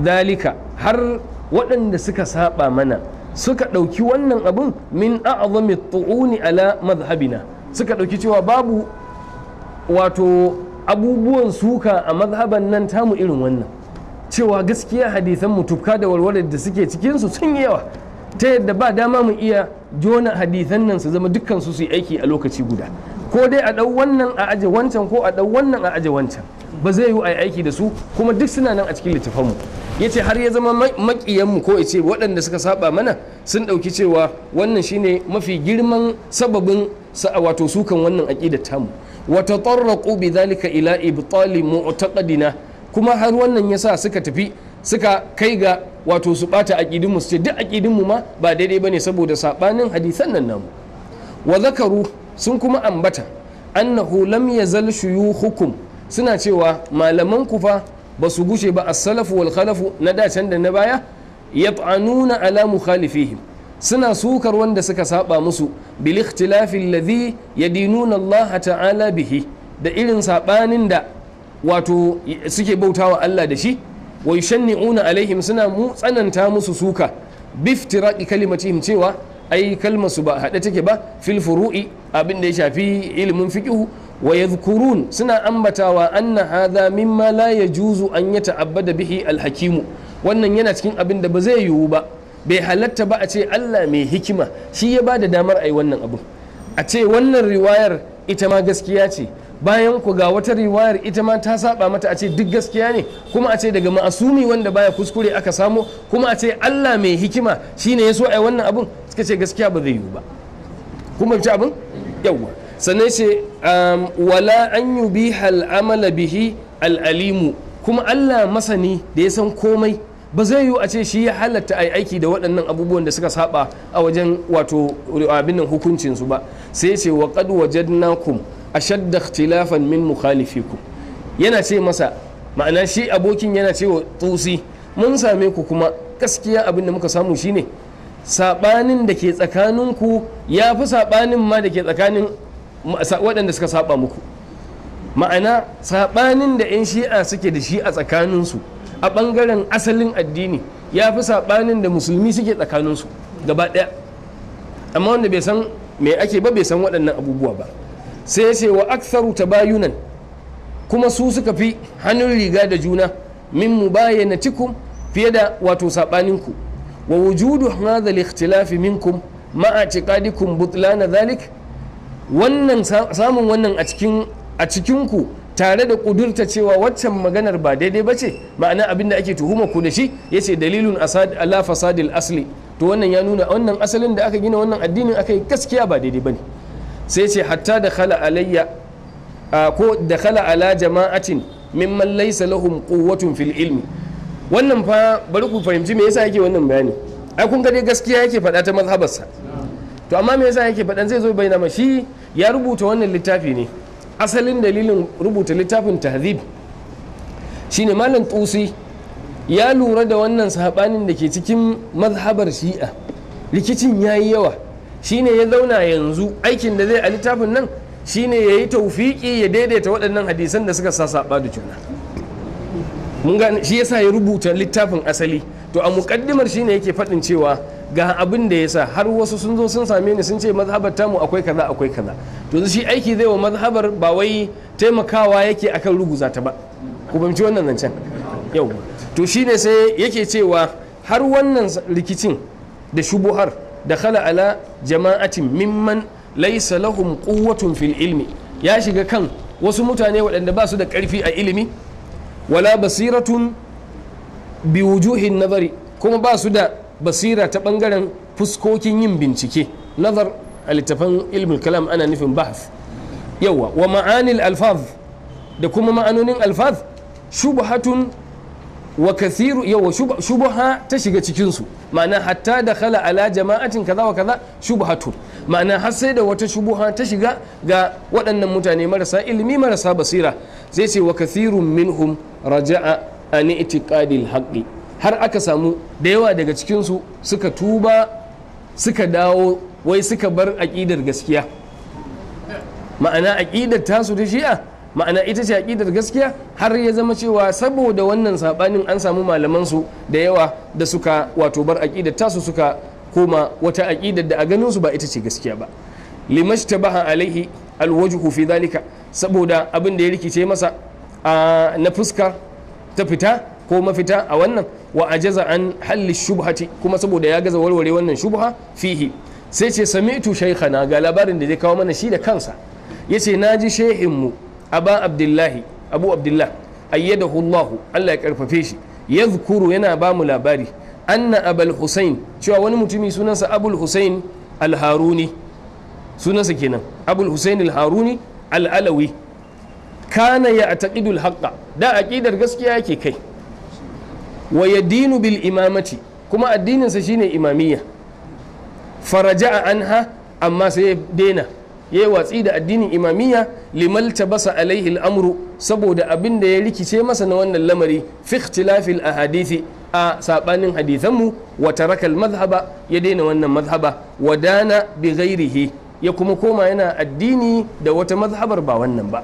dalika har waɗanda suka saba mana suka ɗauki wannan abun min a'zami tu'uni ala madhhabina suka ɗauki cewa babu wato abubuwan suka a mazhaban nan tamu irin wannan cewa gaskiya hadisan mutubka da walwalar da suke cikinsu sun yi yawa ta yadda ba dama mu iya jona hadisan nan su zama dukkan su su yi aiki a lokaci guda ko dai a ɗau wannan a aje wancan ko a ɗau wannan a aje wancan ba zai yi aiki da su kuma duk suna nan a cikin littafanmu ya ce har ya zama mu ko ya ce waɗanda suka saba mana sun ɗauki cewa wannan shine mafi girman sababin wato sukan wannan aƙidar tamu wata tarraku bi zalika ila ibtali mu'taqadina kuma har wannan yasa suka tafi suka kai ga wato su bata ƙidinmu su ce duk ƙidinmu ma ba daidai bane saboda saɓanin hadisan nan namu wa zakaru sun kuma ambata annahu lam yazal shuyukhukum suna cewa malaman ku fa ba su gushe ba as-salafu wal khalafu na da can da na baya yat'anuna ala mukhalifihim suna sukar wanda suka saba musu bil ikhtilafi alladhi yadinuna Allah ta'ala bihi da irin sabanin da wato suke bautawa Allah da shi wa yushanni'una alaihim suna mu tsananta musu suka biftiraqi kalimatihim cewa ai kalmar su ba haɗe take ba fil furu'i abin da ya shafi ilimin fiqhu wa yadhkurun suna ambatawa anna hadha mimma la yajuzu an yata'abbada bihi al-hakimu wannan yana cikin abin da ba zai yiwu ba bai halatta ba a ce Allah mai hikima shi ya ba da damar ai wannan abu a ce wannan riwayar ita ma gaskiya ce bayan ku ga wata riwayar ita ma ta saba mata a ce duk gaskiya ne kuma a ce daga ma'asumi wanda baya kuskure aka samu kuma a ce Allah mai hikima shine ya so ai wannan abun suka ce gaskiya ba zai yiwu ba kuma bi abun. yawwa sannan ce um, wala an yubiha al'amala bihi al'alimu kuma Allah masani da ya san komai ba zai yiwu a ce shi ya halatta a aiki da waɗannan abubuwan da suka saba a wajen wato abin nan hukuncinsu ba sai ce wa qad wajadnakum ashadda tilafan min ku. yana ce masa ma'ana shi abokin yana ce wa tusi mun same ku kuma gaskiya abin da muka samu shine sabanin da ke tsakanin ku ya fi sabanin ma da ke tsakanin waɗanda suka saba muku ma'ana sabanin da 'yan shi'a suke da shi a tsakaninsu a ɓangaren asalin addini ya fi sabanin da musulmi suke tsakaninsu gaba daya. amma wanda bai san me ake ba bai san waɗannan abubuwa ba sai ya ce wa aktharu tabayunan kuma su suka fi hannun riga da juna min mu cikin fiye da wato sabaninku wa wujudu hadha al-ikhtilafi minkum ma'a tiqadikum butlana dhalik wannan samun wannan a cikinku tare da kudurta cewa waccan maganar ba daidai ba ce ma'ana abin da ake tuhuma ku da shi ya ce dalilun asad ala fasadil asli to wannan ya nuna wannan asalin da aka gina wannan addinin aka yi gaskiya ba daidai ba ne sai ce hatta da khala alayya ko da khala ala jama'atin mimman laysa lahum quwwatun fil ilmi wannan fa bari ku fahimci me yasa yake wannan bayani ai kun ga dai gaskiya yake faɗa ta mazhabarsa to amma me yasa yake faɗan zai zo bayyana ma shi ya rubuta wannan littafi ne asalin dalilin rubuta littafin tahzib shine malam tusi ya lura da wannan sahabanin da ke cikin mazhabar shi'a rikicin yayi yawa shine ya zauna yanzu aikin da zai a littafin nan shine ya yi taufiki ya daidaita waɗannan hadisan da suka sasaɓa da juna shi ya shi ya rubuta littafin asali to a muƙaddimar shi shine yake faɗin cewa ga abin da sa har wasu sun zo sun same ni sun ce mazhabar tamu akwai kaza akwai kaza to shi aiki zai wa mazhabar ba wai taimakawa yake akan ruguza ta ba ku bamci wannan zancen yau to shi ne sai yake cewa har wannan rikicin da shubuhar dakhala ala jama'atin mimman laysa lahum quwwatun fil ilmi ya shiga kan wasu mutane waɗanda ba su da ƙarfi a ilimi wala basiratun bi wujuhin nazari kuma basu da basira ta ɓangaren fuskokin yin bincike nazar a littafan ilmin kalam ana nufin bahf yau wa ma'anil alfaz da kuma ma'anonin alfaz shubhatun wa kasiru yawa shubha ta shiga cikinsu. ma'ana hatta da khala ala jama'atin kaza wa kaza tun. ma'ana har sai da wata shubha ta shiga ga waɗannan mutane marasa ilimi marasa basira zai ce wa kasirun minhum raja'a an itiqadil haqqi har aka samu da yawa daga cikin su suka tuba suka dawo wai suka bar aƙidar gaskiya ma'ana aqidar tasu da shi'a ma'ana ita ce aƙidar gaskiya har ya zama cewa saboda wannan saɓanin an samu malaman su da yawa da suka wato bar aƙidar tasu suka koma wata aƙidar da a ganin su ba ita ce gaskiya ba limashtabaha alaihi alwajhu fi zalika saboda abin da ya rikice masa na fuska ta fita ko mafita a wannan wa ajaza an halli shubhati kuma saboda ya gaza warware wannan shubha fihi sai ce sami'tu shaykhana ga labarin da zai kawo mana shi da kansa yace naji shehin mu aba abdullahi abu abdullah ayyadahu allah allah ya karfafe shi yadhkuru yana ba mu labari anna abul husain cewa wani mutumi sunansa abul husain al-haruni sunansa kenan abul husain al-haruni al-alawi kana ya taƙidul haqqa da aqidar gaskiya yake kai wa yadinu bil imamati kuma addininsa shine imamiyya a anha amma sai ya dena. ya yi watsi da addinin imamiyya limal basa alaihi amru saboda abin da ya rikice masa na wannan lamari fiktilafil a hadithi a sabanin hadithanmu wata rakal mazhaba ya daina wannan mazhaba wadana dana bi ghairihi ya kuma koma yana addini da wata mazhabar ba wannan ba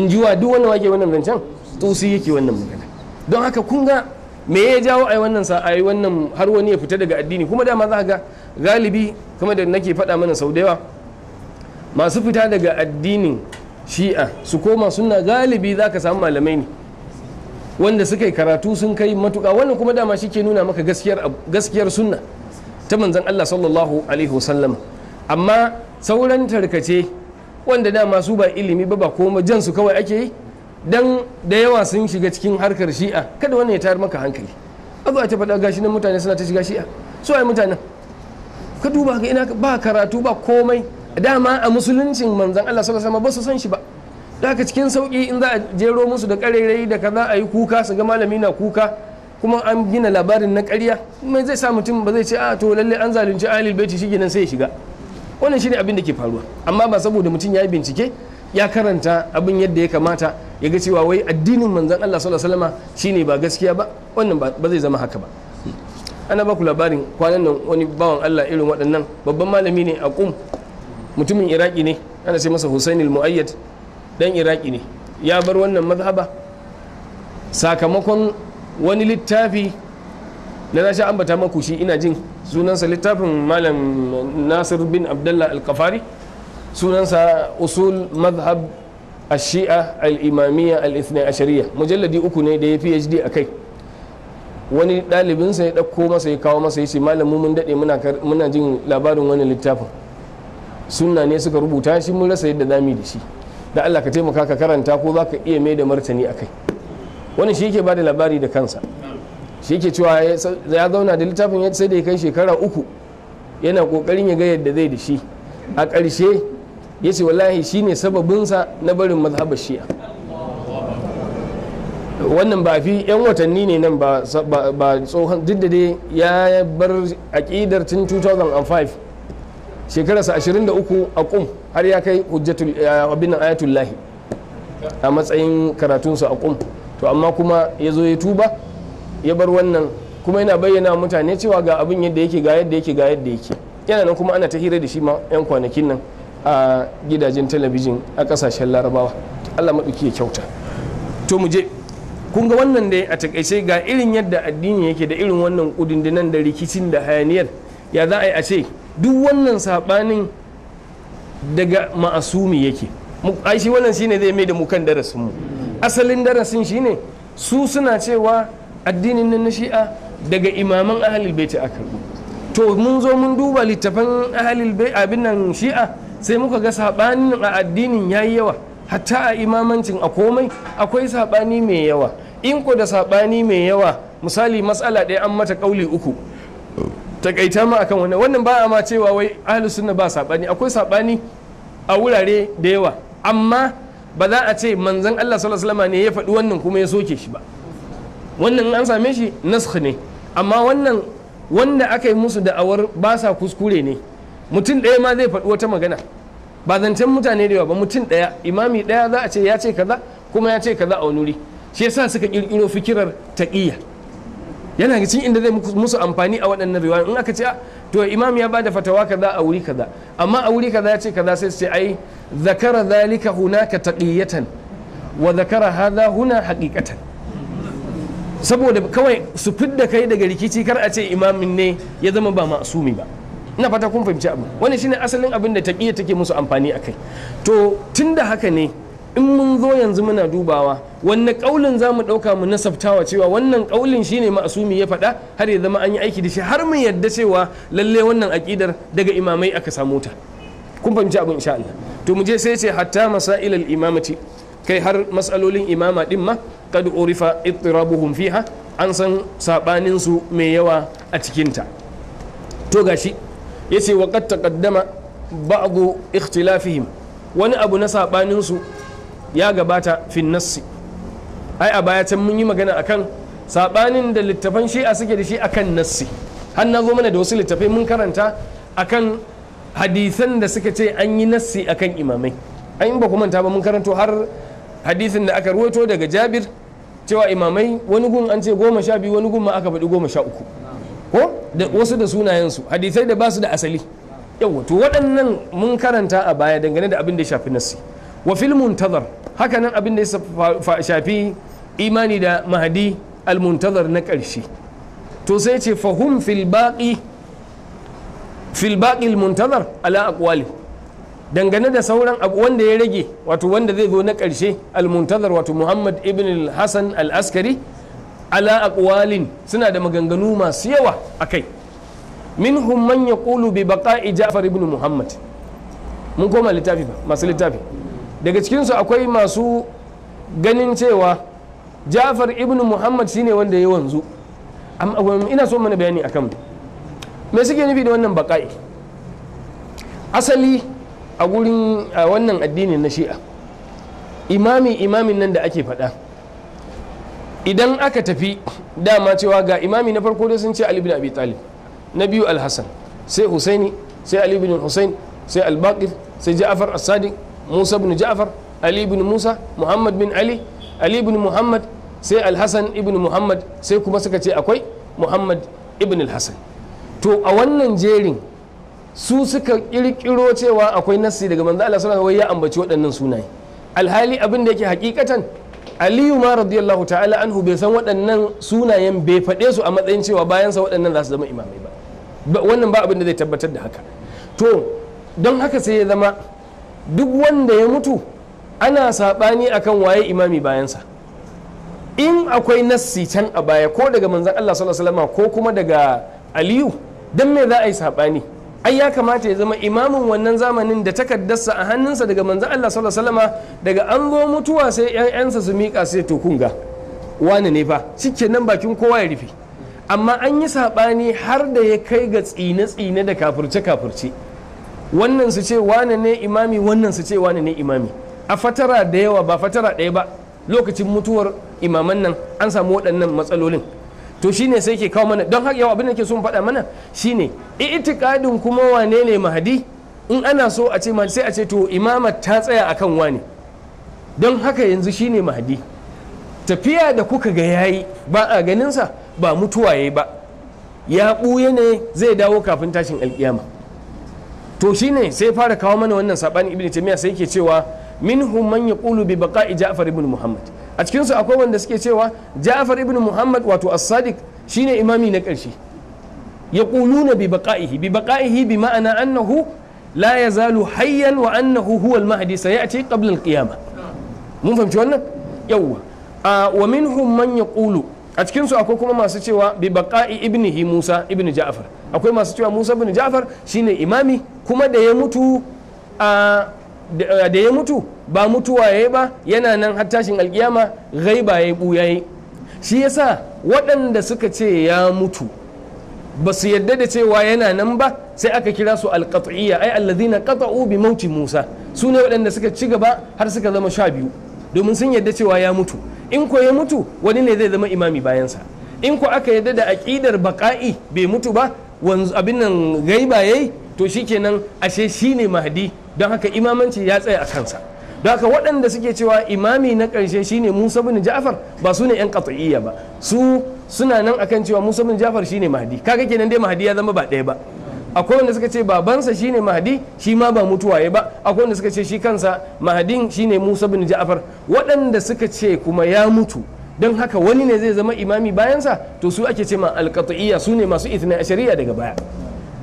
in ji wa duk wannan wake wannan zancen tusi yake wannan magana don haka kun ga me ya jawo yi wannan sa yi wannan har wani ya fita daga addini kuma dama za ga galibi kuma da nake faɗa mana sau da yawa masu fita daga addinin shi'a su koma suna galibi za ka samu malamai ne wanda suka yi karatu sun kai matuka wannan kuma dama shi ke nuna maka gaskiyar sunna ta manzan Allah sallallahu alaihi wasallam amma sauran tarkace wanda dama su ba ilimi ba ba koma jan su kawai ake yi dan da yawa sun shiga cikin harkar shi'a kada wannan ya tayar maka hankali abu a ta faɗa gashi nan mutane suna ta shiga shi'a su ai mutanen ka duba ka ina ba karatu ba komai dama a musuluncin manzan Allah sallallahu alaihi wasallam ba su san shi ba daga cikin sauki in za a jero musu da karerai da kaza a yi kuka su ga malami na kuka kuma an gina labarin na ƙarya mai zai sa mutum ba zai ce a ah, to lalle an zalunci ahlul baiti shi nan sai ya shiga wannan shine abin da ke faruwa amma ba saboda mutum ya yi bincike ya karanta abin yadda ya kamata ya ga cewa wai addinin manzan Allah sallallahu alaihi wasallam shine ba gaskiya ba wannan ba zai zama haka ba ana baku ku labarin kwanan nan wani bawan Allah irin waɗannan babban malami ne a kum mutumin iraki ne ana ce masa husainul muayyad dan iraki ne ya bar wannan mazhaba sakamakon wani littafi na na ambata maku shi ina jin sunansa littafin malam nasir bin abdullah alkafari sunansa usul mazhab الشيعة الإمامية الاثنى ashariya mujalladi uku ne da ya PhD a kai wani ɗalibinsa ya ɗauko masa ya kawo masa ya ce malamu mun daɗe muna jin labarin wani littafin sunna ne suka rubuta shi mun rasa yadda zamu da shi da Allah ka taimaka ka karanta ko zaka iya mai da martani akai wani shi yake ba da labari da kansa shi yake cewa ya zauna da littafin sai da ya kai shekara uku yana kokarin ya ga yadda zai da shi a ƙarshe ya ce wallahi shi ne sababinsa na barin mazhabar shi'a wannan ba fi 'yan watanni ne nan ba tsohon duk da dai ya bar aƙidar tun 2005 shekararsa 23 a kum har ya kai hujjatul abin ayatullahi a matsayin karatunsa a kum to amma kuma ya zo ya tuba ya bar wannan kuma yana bayyana mutane cewa ga abin yadda yake ga yadda yake ga yadda yake yana nan kuma ana ta hira da shi ma yan kwanakin nan a gidajen talabijin a kasashen larabawa allah maɗauki ya kyauta to mu je kun ga wannan da a takaice ga irin yadda addini yake da irin wannan kudin da nan da rikicin da hayaniyar ya za a yi a ce duk wannan saɓanin daga ma'asumi yake ai shi wannan shine zai mai da mu kan darasinmu asalin darasin shine su suna cewa addinin nan na shi'a daga imaman ahalil baiti aka to mun zo mun duba littafan ahalil bai abin nan shi'a sai muka ga saɓanin a addinin yayi yawa hatta a imamancin a komai akwai saɓani mai yawa in ko da saɓani mai yawa misali matsala ɗaya an mata ƙauli uku takaita ma akan wannan wannan ba a ma cewa wai ahli sunna ba sabani akwai sabani a wurare da yawa amma ba za a ce manzon Allah sallallahu alaihi wasallam ne ya faɗi wannan kuma ya soke shi ba wannan an same shi naskh ne amma wannan wanda aka yi musu da'awar ba sa kuskure ne mutum ɗaya ma zai faɗi wata magana ba zancen mutane da yawa ba mutum ɗaya imami ɗaya za a ce ya ce kaza kuma ya ce kaza a wani wuri shi yasa suka ƙirƙiro fikirar taƙiyya yana ga cikin inda zai musu amfani a waɗannan riwaya in aka ce to imam ya bada fatawa kaza a wuri kaza amma a wuri kaza ya ce kaza sai ce ai zakara zalika hunaka taqiyatan wa zakara hadha huna haqiqatan saboda kawai su fidda kai daga rikici kar a ce imamin ne ya zama ba ma'asumi ba ina fata kun fahimci abu Wani shine asalin abin da taqiyya take musu amfani akai to tunda haka ne in mun zo yanzu muna dubawa wanne ƙaulin za mu ɗauka mu nasabtawa cewa wannan kaulin shine ma'asumi ya faɗa har ya zama an yi aiki da shi har mu yadda cewa lalle wannan aƙidar daga imamai aka samu ta kun fahimci abin insha Allah to mu je sai ce hatta masailal imamati kai har masalolin imama din ma kad urifa ittirabuhum fiha an san sabanin su mai yawa a cikin ta to gashi yace wa qad taqaddama ba'du ikhtilafihim wani abu na sabanin su ya gabata fin nassi ai a baya can mun yi magana akan sabanin da littafan a suke da shi akan nassi har na zo mana da wasu littafai mun karanta akan hadisan da suka ce an yi nassi akan imamai an ba ku manta ba mun karanto har hadisin da aka ruwaito daga jabir cewa imamai wani gun an ce goma sha biyu wani gun ma aka faɗi goma sha uku ko da wasu da sunayensu hadisai da basu da asali yawa to waɗannan mun karanta a baya dangane da abin da shafi nassi wa filmun tazar? hakanan abin da ya shafi imani da mahadi almuntazar na ƙarshe to sai ce fahum fil baƙi almuntazar ala aqwali dangane da sauran abu wanda ya rage wato wanda zai zo na ƙarshe almuntazar wato muhammad ibn hassan alaskari ala aqwalin suna da maganganu masu yawa a akai minhum man yaqulu bi baqa'i ja'far ibn muhammad mun koma littafi ba masu littafi daga cikinsu akwai masu ganin cewa jafar ibn muhammad shine wanda ya wanzu ina so mana bayani akan me suke nufi da wannan baƙa'i asali a gurin wannan addinin na shi'a imami imamin nan da ake faɗa idan aka tafi dama cewa ga imami na farko dai sun ce ali bin abi talib na biyu alhassan sai husaini sai ali bin husain sai albaqir sai ja'far as-sadiq musa bin ja'far ali bin musa muhammad bin ali ali bin muhammad sai alhassan ibn muhammad sai kuma suka ce akwai muhammad ibn alhassan to a wannan jerin su suka kirkiro cewa akwai nassi daga manzo Allah sallallahu alaihi ya ambaci waɗannan sunaye alhali abin da yake hakikatan aliyu ma radiyallahu ta'ala anhu bai san waɗannan sunayen bai faɗe su a matsayin cewa bayansa waɗannan za su zama imamai ba wannan ba abin da zai tabbatar da haka to don haka sai ya zama duk wanda ya mutu ana saɓani akan waye imami bayansa in akwai nassi can a baya ko daga manzan Allah sallallahu ko kuma daga aliyu dan me za a yi saɓani ai ya kamata ya zama imamin wannan zamanin da takaddarsa a hannunsa daga manzan Allah sallallahu daga an zo mutuwa sai 'ya'yansa su mika sai to kunga wani ne fa cike nan bakin kowa ya rufe amma an yi saɓani har da ya kai ga tsine-tsine da kafurce-kafurce wannan su ce wane ne imami wannan su ce wane ne imami a fatara da yawa ba fatara ɗaya ba lokacin mutuwar imaman nan an samu waɗannan matsalolin to shine sai ke kawo mana don haka yawa abin da ke son faɗa mana shine itikadin kuma wane ne mahadi in ana so a ce sai a ce to imama ta tsaya akan wane don haka yanzu shine mahadi tafiya da kuka ga yayi ba a ganinsa ba mutuwa yayi ba ya ɓuya ne zai dawo kafin tashin alkiyama to shine sai fara kawo mana wannan sabani ibnu taymiya sai yake cewa minhum man yaqulu bi baqa'i ja'far ibn muhammad a cikin su akwai wanda suke cewa ja'far ibn muhammad wato as-sadiq shine imami na karshe yaquluna bi baqa'ihi bi baqa'ihi bi ma'ana annahu la yazalu hayyan wa annahu huwa al-mahdi sayati qabla al-qiyamah mun fahimci wannan yawwa wa minhum man yaqulu a cikin su akwai kuma masu cewa bi baqa'i ibnihi Musa ibn Ja'far akwai masu cewa Musa ibn Ja'far shine imami kuma da ya mutu a da ya mutu ba mutuwa yayi ba yana nan har tashin alkiyama ghaiba yayi buyayi shi yasa waɗanda suka ce ya mutu ba su yadda da cewa yana nan ba sai aka kira su alqat'iyya ai alladhina qata'u bi mauti Musa su ne waɗanda suka ci gaba har suka zama sha biyu domin sun yarda cewa ya mutu in ko ya mutu wani ne zai zama imami bayansa in ko aka yarda da aƙidar baƙa'i bai mutu ba wanzu abin nan gaiba yayi to shi shikenan ashe shi ne mahdi don haka imamanci ya tsaya a kansa don haka waɗanda suke cewa imami na ƙarshe shine Musa bin Ja'far ba su ne 'yan qat'iyya ba su suna nan akan cewa Musa bin Ja'far shine mahdi kaga kenan dai mahdi ya zama ba ɗaya ba akwai wanda suka ce babansa shine mahdi shi ma ba mutuwa ya ba akwai wanda suka ce shi kansa mahdin shine musa bin ja'far waɗanda suka ce kuma ya mutu don haka wani ne zai zama imami bayansa to su ake ce ma alqat'iyya su ne masu a shari'a daga baya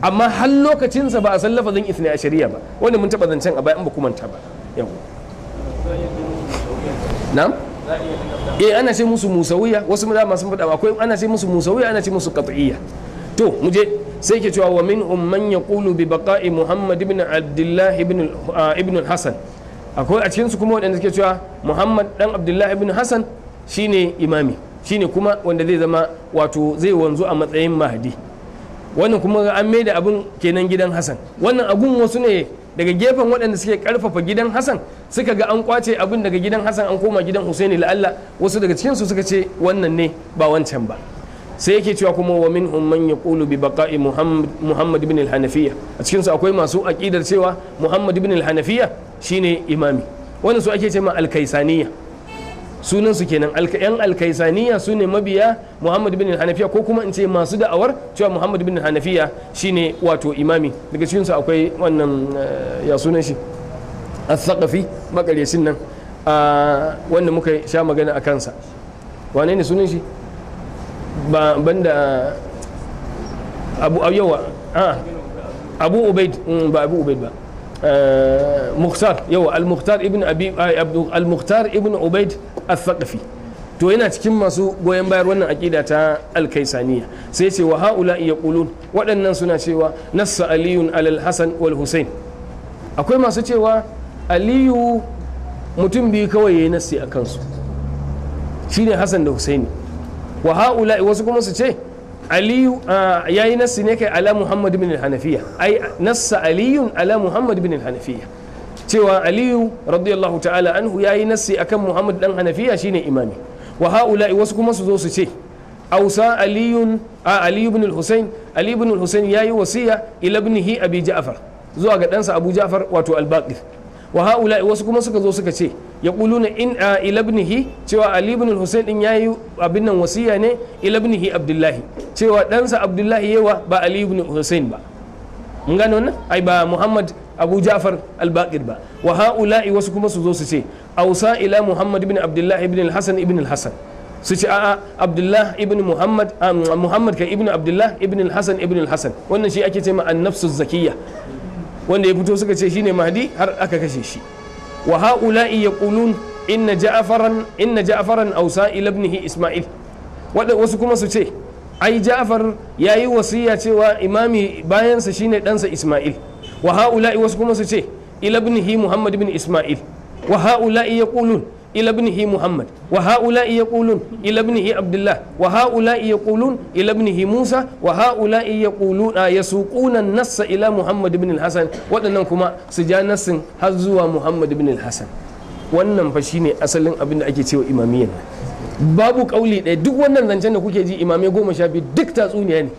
amma har lokacinsa ba a san lafazin a shari'a ba wanda mun taba zancen a baya an ba kuma ta ba yawa na'am eh ana ce musu musawiya wasu mu da masu faɗa akwai ana ce musu musawiya ana ce musu qat'iyya to mu je sai ke cewa wa min umman kulu bi baqa'i muhammad ibn abdullah ibn hasan akwai a cikinsu kuma waɗanda suke cewa muhammad dan abdullah ibn hasan shine imami shine kuma wanda zai zama wato zai wanzu a matsayin mahadi wannan kuma an maida abin kenan gidan hasan wannan abun wasu ne daga gefen waɗanda suke karfafa gidan hasan suka ga an kwace abin daga gidan hasan an koma gidan husaini la'alla wasu daga cikinsu suka ce wannan ne ba wancan ba sai yake cewa kuma wa min ya yaqulu bi baqa'i muhammad ibn al a cikin su akwai masu aqidar cewa muhammad ibn al-hanafiya shine imami wannan su ake ce ma al-kaisaniya sunan su kenan yan al-kaisaniya sune mabiya muhammad ibn al ko kuma in ce masu da'awar cewa muhammad ibn al-hanafiya shine wato imami daga cikin su akwai wannan eh, ya sunan shi as-saqafi makaryacin nan ah, wanda muka sha magana a kansa wane ne sunan shi ba banda abu yawa a abu ubaid mm, ba abu ubaid ba eh, mukhtar yawa al-mukhtar ibn abi al ubaid al-thaqafi to yana cikin masu goyon bayar wannan aƙida ta alkaisaniya sai ce wa haula iya kulun waɗannan suna cewa nasa aliyun alal hasan wal husain akwai masu cewa aliyu mutum biyu kawai ya yi nassi a kansu shine hasan da husaini wa ha'ula wasu kuma su ce aliyu yayi nassi ne kai ala muhammad bin hanafiya ai nassa aliyun ala muhammad bin hanafiya cewa aliyu radiyallahu ta'ala anhu yayi nassi akan muhammad dan hanafiya shine imami wa ha'ula wasu kuma su zo su ce ausa aliyun a aliyu bin husain ali bin husain yayi wasiya ila ibnihi abi ja'far zuwa ga ɗansa abu ja'far wato al-baqir wa haula wasu kuma suka zo suka ce ya kuluna in a ilabnihi cewa ali ibn hussein din yayi abin nan wasiya ne ilabnihi abdullahi cewa ɗansa abdullahi yawa ba ali ibn husain ba mun gane wannan ai ba muhammad abu ja'far al-baqir ba wa haula wasu kuma su zo su ce ausa ila muhammad ibn abdullahi ibn al-hasan ibn al-hasan su ce a'a abdullah ibn muhammad muhammad ka ibn abdullah ibn al-hasan ibn al-hasan wannan shi ake ce ma an-nafsu zakiyya wanda ya fito suka ce ne mahdi har aka kashe shi wa haula'i yaqulun inna ja'faran inna ja'faran awsa ila ibnihi isma'il wanda wasu kuma su ce ai ja'far yi wasiya cewa imami bayansa shine ɗansa isma'il wa haula'i wasu kuma su ce ila muhammad ibn isma'il wa haula'i kulun. إلى ابنه محمد وهؤلاء يقولون إلى ابنه عبد الله وهؤلاء يقولون إلى ابنه موسى وهؤلاء يقولون يسوقون النص إلى محمد بن الحسن وأنكما سجا نص هزوا محمد بن الحسن wannan fa shine asalin abin da ake cewa imamiyyar babu kauli ɗaya duk wannan zancen da kuke ji imamai goma sha biyu duk tatsuniya ne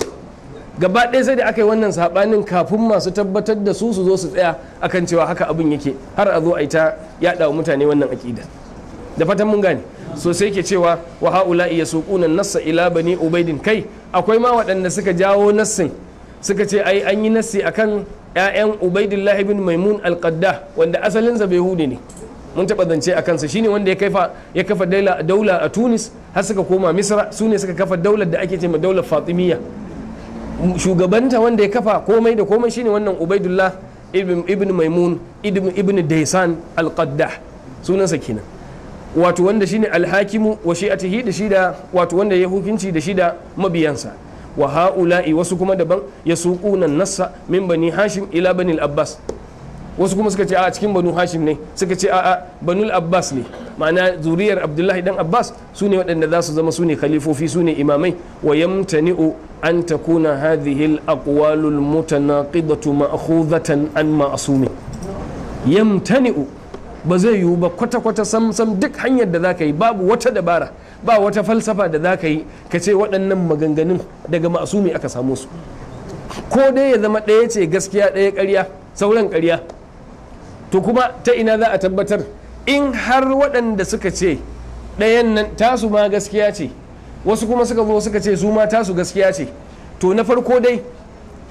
gaba ɗaya sai da aka yi wannan saɓanin kafin masu tabbatar da su su zo su tsaya akan cewa haka abin yake har a zo a yi ta yaɗa wa mutane wannan aƙida da fatan mun gane so sai ke cewa wa haula iya suquna nassa ila bani ubaidin kai akwai ma waɗanda suka jawo nassin suka ce ai an yi nassi akan ƴaƴan ubaidillah ibn maimun alqadda wanda asalinsa bai ne mun taɓa zance a kansa shine wanda ya kafa ya kafa daula a tunis har suka koma misra su ne suka kafa daular da ake ce ma daular fatimiyya shugabanta wanda ya kafa komai da komai shine wannan ubaidullah ibn maimun ibn daisan alqadda sunansa kenan wato wanda shine alhakimu wa shi'atihi da shi da wato wanda ya hukunci da shi da mabiyansa wa ha'ula'i wasu kuma daban ya suquna nassa min bani hashim ila bani abbas wasu kuma suka ce a cikin banu hashim ne suka ce a'a banul abbas ne ma'ana zuriyar abdullahi dan abbas su ne waɗanda za su zama su ne khalifofi su ne imamai wa yamtani'u an takuna hadhihi al-aqwalul mutanaqidatu ma'khudhatan an ma'sumi yamtani'u ba zai yiwu ba kwata-kwata sam-sam duk hanyar da za ka yi babu wata dabara ba wata falsafa da za ka yi ka ce waɗannan maganganun daga masu mai aka samu su ko dai ya zama ɗaya ce gaskiya ɗaya ƙarya sauran ƙarya to kuma ta ina za a tabbatar in har waɗanda suka ce ɗayan nan tasu ma gaskiya ce wasu kuma suka zo suka ce su ma tasu gaskiya ce to na farko dai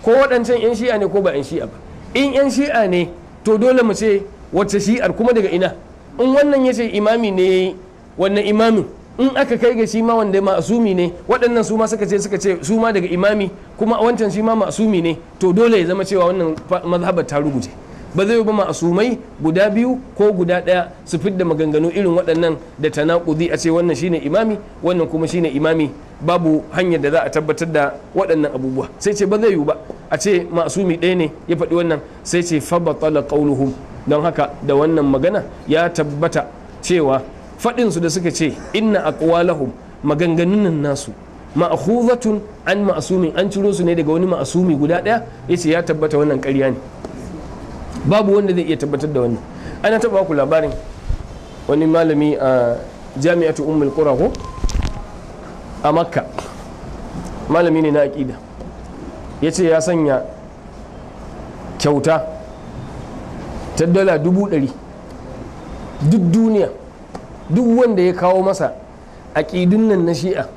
ko waɗancan 'yan shi'a ne ko ba 'yan shi'a ba in 'yan shi'a ne to dole mu ce wacce shi'ar kuma daga ina in wannan ya ce imami ne wannan imamin in aka kai ga shi ma wanda ma'asumi ne waɗannan su ma suka ce suka ce su ma daga imami kuma wancan shi ma ma'asumi ne to dole ya zama cewa wannan mazhabar ta rubuce ba zai ba ma'asumai guda biyu ko guda ɗaya su fidda maganganu irin waɗannan da tanaƙudi a ce wannan shine imami wannan kuma shine imami babu hanyar da za a tabbatar da waɗannan abubuwa sai ce ba zai yiwu ba a ce ma'asumi ɗaya ne ya faɗi wannan sai ce fa batala qauluhum don haka da wannan magana ya tabbata cewa faɗin su da suka ce inna aqwalahum maganganun nasu ma'khuzatun an ma'asumin an ciro su ne daga wani ma'asumi guda ɗaya yace ya tabbata wannan ƙarya ne babu wanda zai iya tabbatar da wani. ana taba ku labarin wani malami a jami'atu ummul qura ko a makka malami ne na aqida ya ce ya sanya kyauta ta dala dubu ɗari duk duniya duk wanda ya kawo masa aƙidun nan na shi'a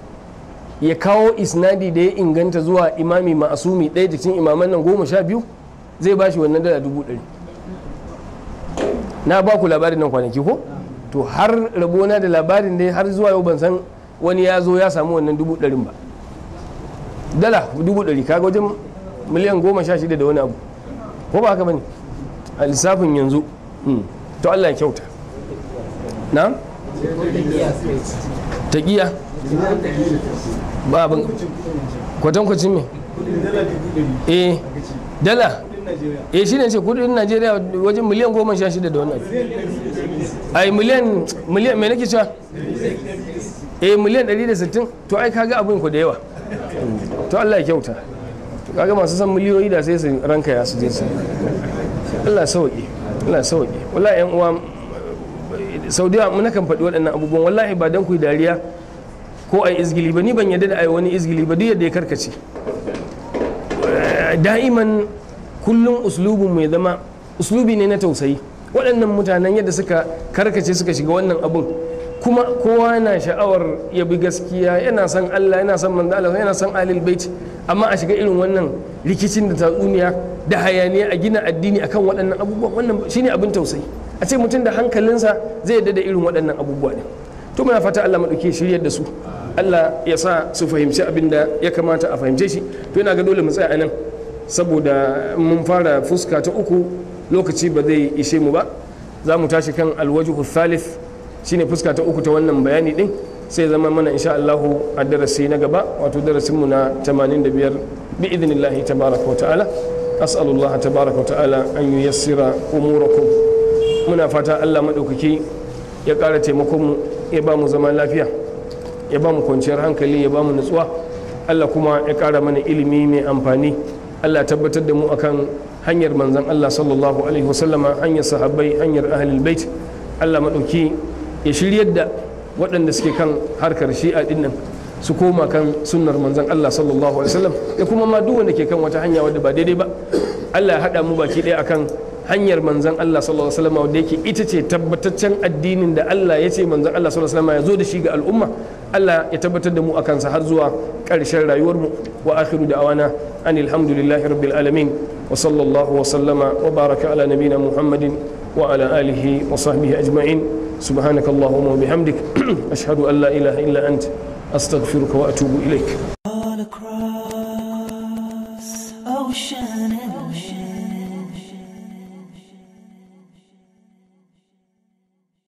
ya kawo isnadi da ya inganta zuwa imami ma'asumi ɗaya da cikin imaman nan goma sha biyu zai bashi wannan dala dubu ɗari na ba ku labarin nan kwanaki ko to har rabona da labarin dai har zuwa yau ban san wani ya zo ya samu wannan dubu ɗarin ba dala dubu ɗari kaga wajen miliyan goma sha shida da wani abu ko ba haka bane a lissafin yanzu hmm. to Allah ya kyauta na taƙiya ba abin kwatankwacin me eh dala eh shi ne ce kudin najeriya wajen miliyan goma sha shida da wannan ai miliyan miliyan mai nake cewa eh miliyan 160 to ai kaga abin ku da yawa to Allah ya kyauta kaga masu san miliyoyi da sai su ranka ya su je su Allah sauki Allah sauki wallahi yan uwa saudiya mun kan faɗi waɗannan abubuwan wallahi ba dan ku dariya ko ai izgili ba ni ban yadda da ai wani izgili ba duk yadda ya karkace da'iman kullum uslubin mai zama uslubi ne na tausayi waɗannan mutanen yadda suka karkace suka shiga wannan abun kuma kowa na sha'awar ya bi gaskiya yana son Allah yana son manzo Allah yana son alil bait amma a shiga irin wannan rikicin da tatsuniya da hayaniya a gina addini akan waɗannan abubuwa wannan shine abin tausayi a ce mutum da hankalinsa zai yadda da irin waɗannan abubuwa ne to muna fata Allah madauke shiryar da su Allah ya sa su fahimci abin da ya kamata a fahimce shi to yana ga dole mu tsaya a nan saboda mun fara fuska ta uku lokaci ba zai ishe mu ba za mu tashi kan alwajihu thalith shine fuska ta uku ta wannan bayani din sai zama mana insha Allahu a darasi na gaba wato darasin mu na 85 bi idnillahi tabaraka wa ta'ala as'alullah tabaraka wa ta'ala an yassira umurakum muna fata Allah maɗaukaki ya ƙara taimakonmu ya ba mu zaman lafiya ya ba mu kwanciyar hankali ya ba mu nutsuwa Allah kuma ya ƙara mana ilimi mai amfani Allah tabbatar da mu akan hanyar manzan Allah sallallahu alaihi wasallama hanyar sahabbai hanyar ahlul bait Allah madauki ya shiryar da waɗanda suke kan harkar shi'a dinnan su koma kan sunnar manzan Allah sallallahu alaihi wasallam ya kuma ma duk wanda ke kan wata hanya wadda ba daidai ba Allah ya haɗa mu baki ɗaya akan hanyar manzon Allah sallallahu alaihi wasallam wanda yake ita ce tabbataccen addinin da Allah ya ce manzan Allah sallallahu alaihi wasallam ya zo da shi ga al'umma Allah ya tabbatar da mu akan sa har zuwa ƙarshen rayuwar mu wa akhiru da awana anilhamdulillahi rabbil alamin wa sallallahu wa sallama wa baraka ala nabina muhammadin wa ala alihi wa sahbihi ajma'in subhanakallahumma wa bihamdik ashhadu an la ilaha illa ant astaghfiruka wa atubu ilaik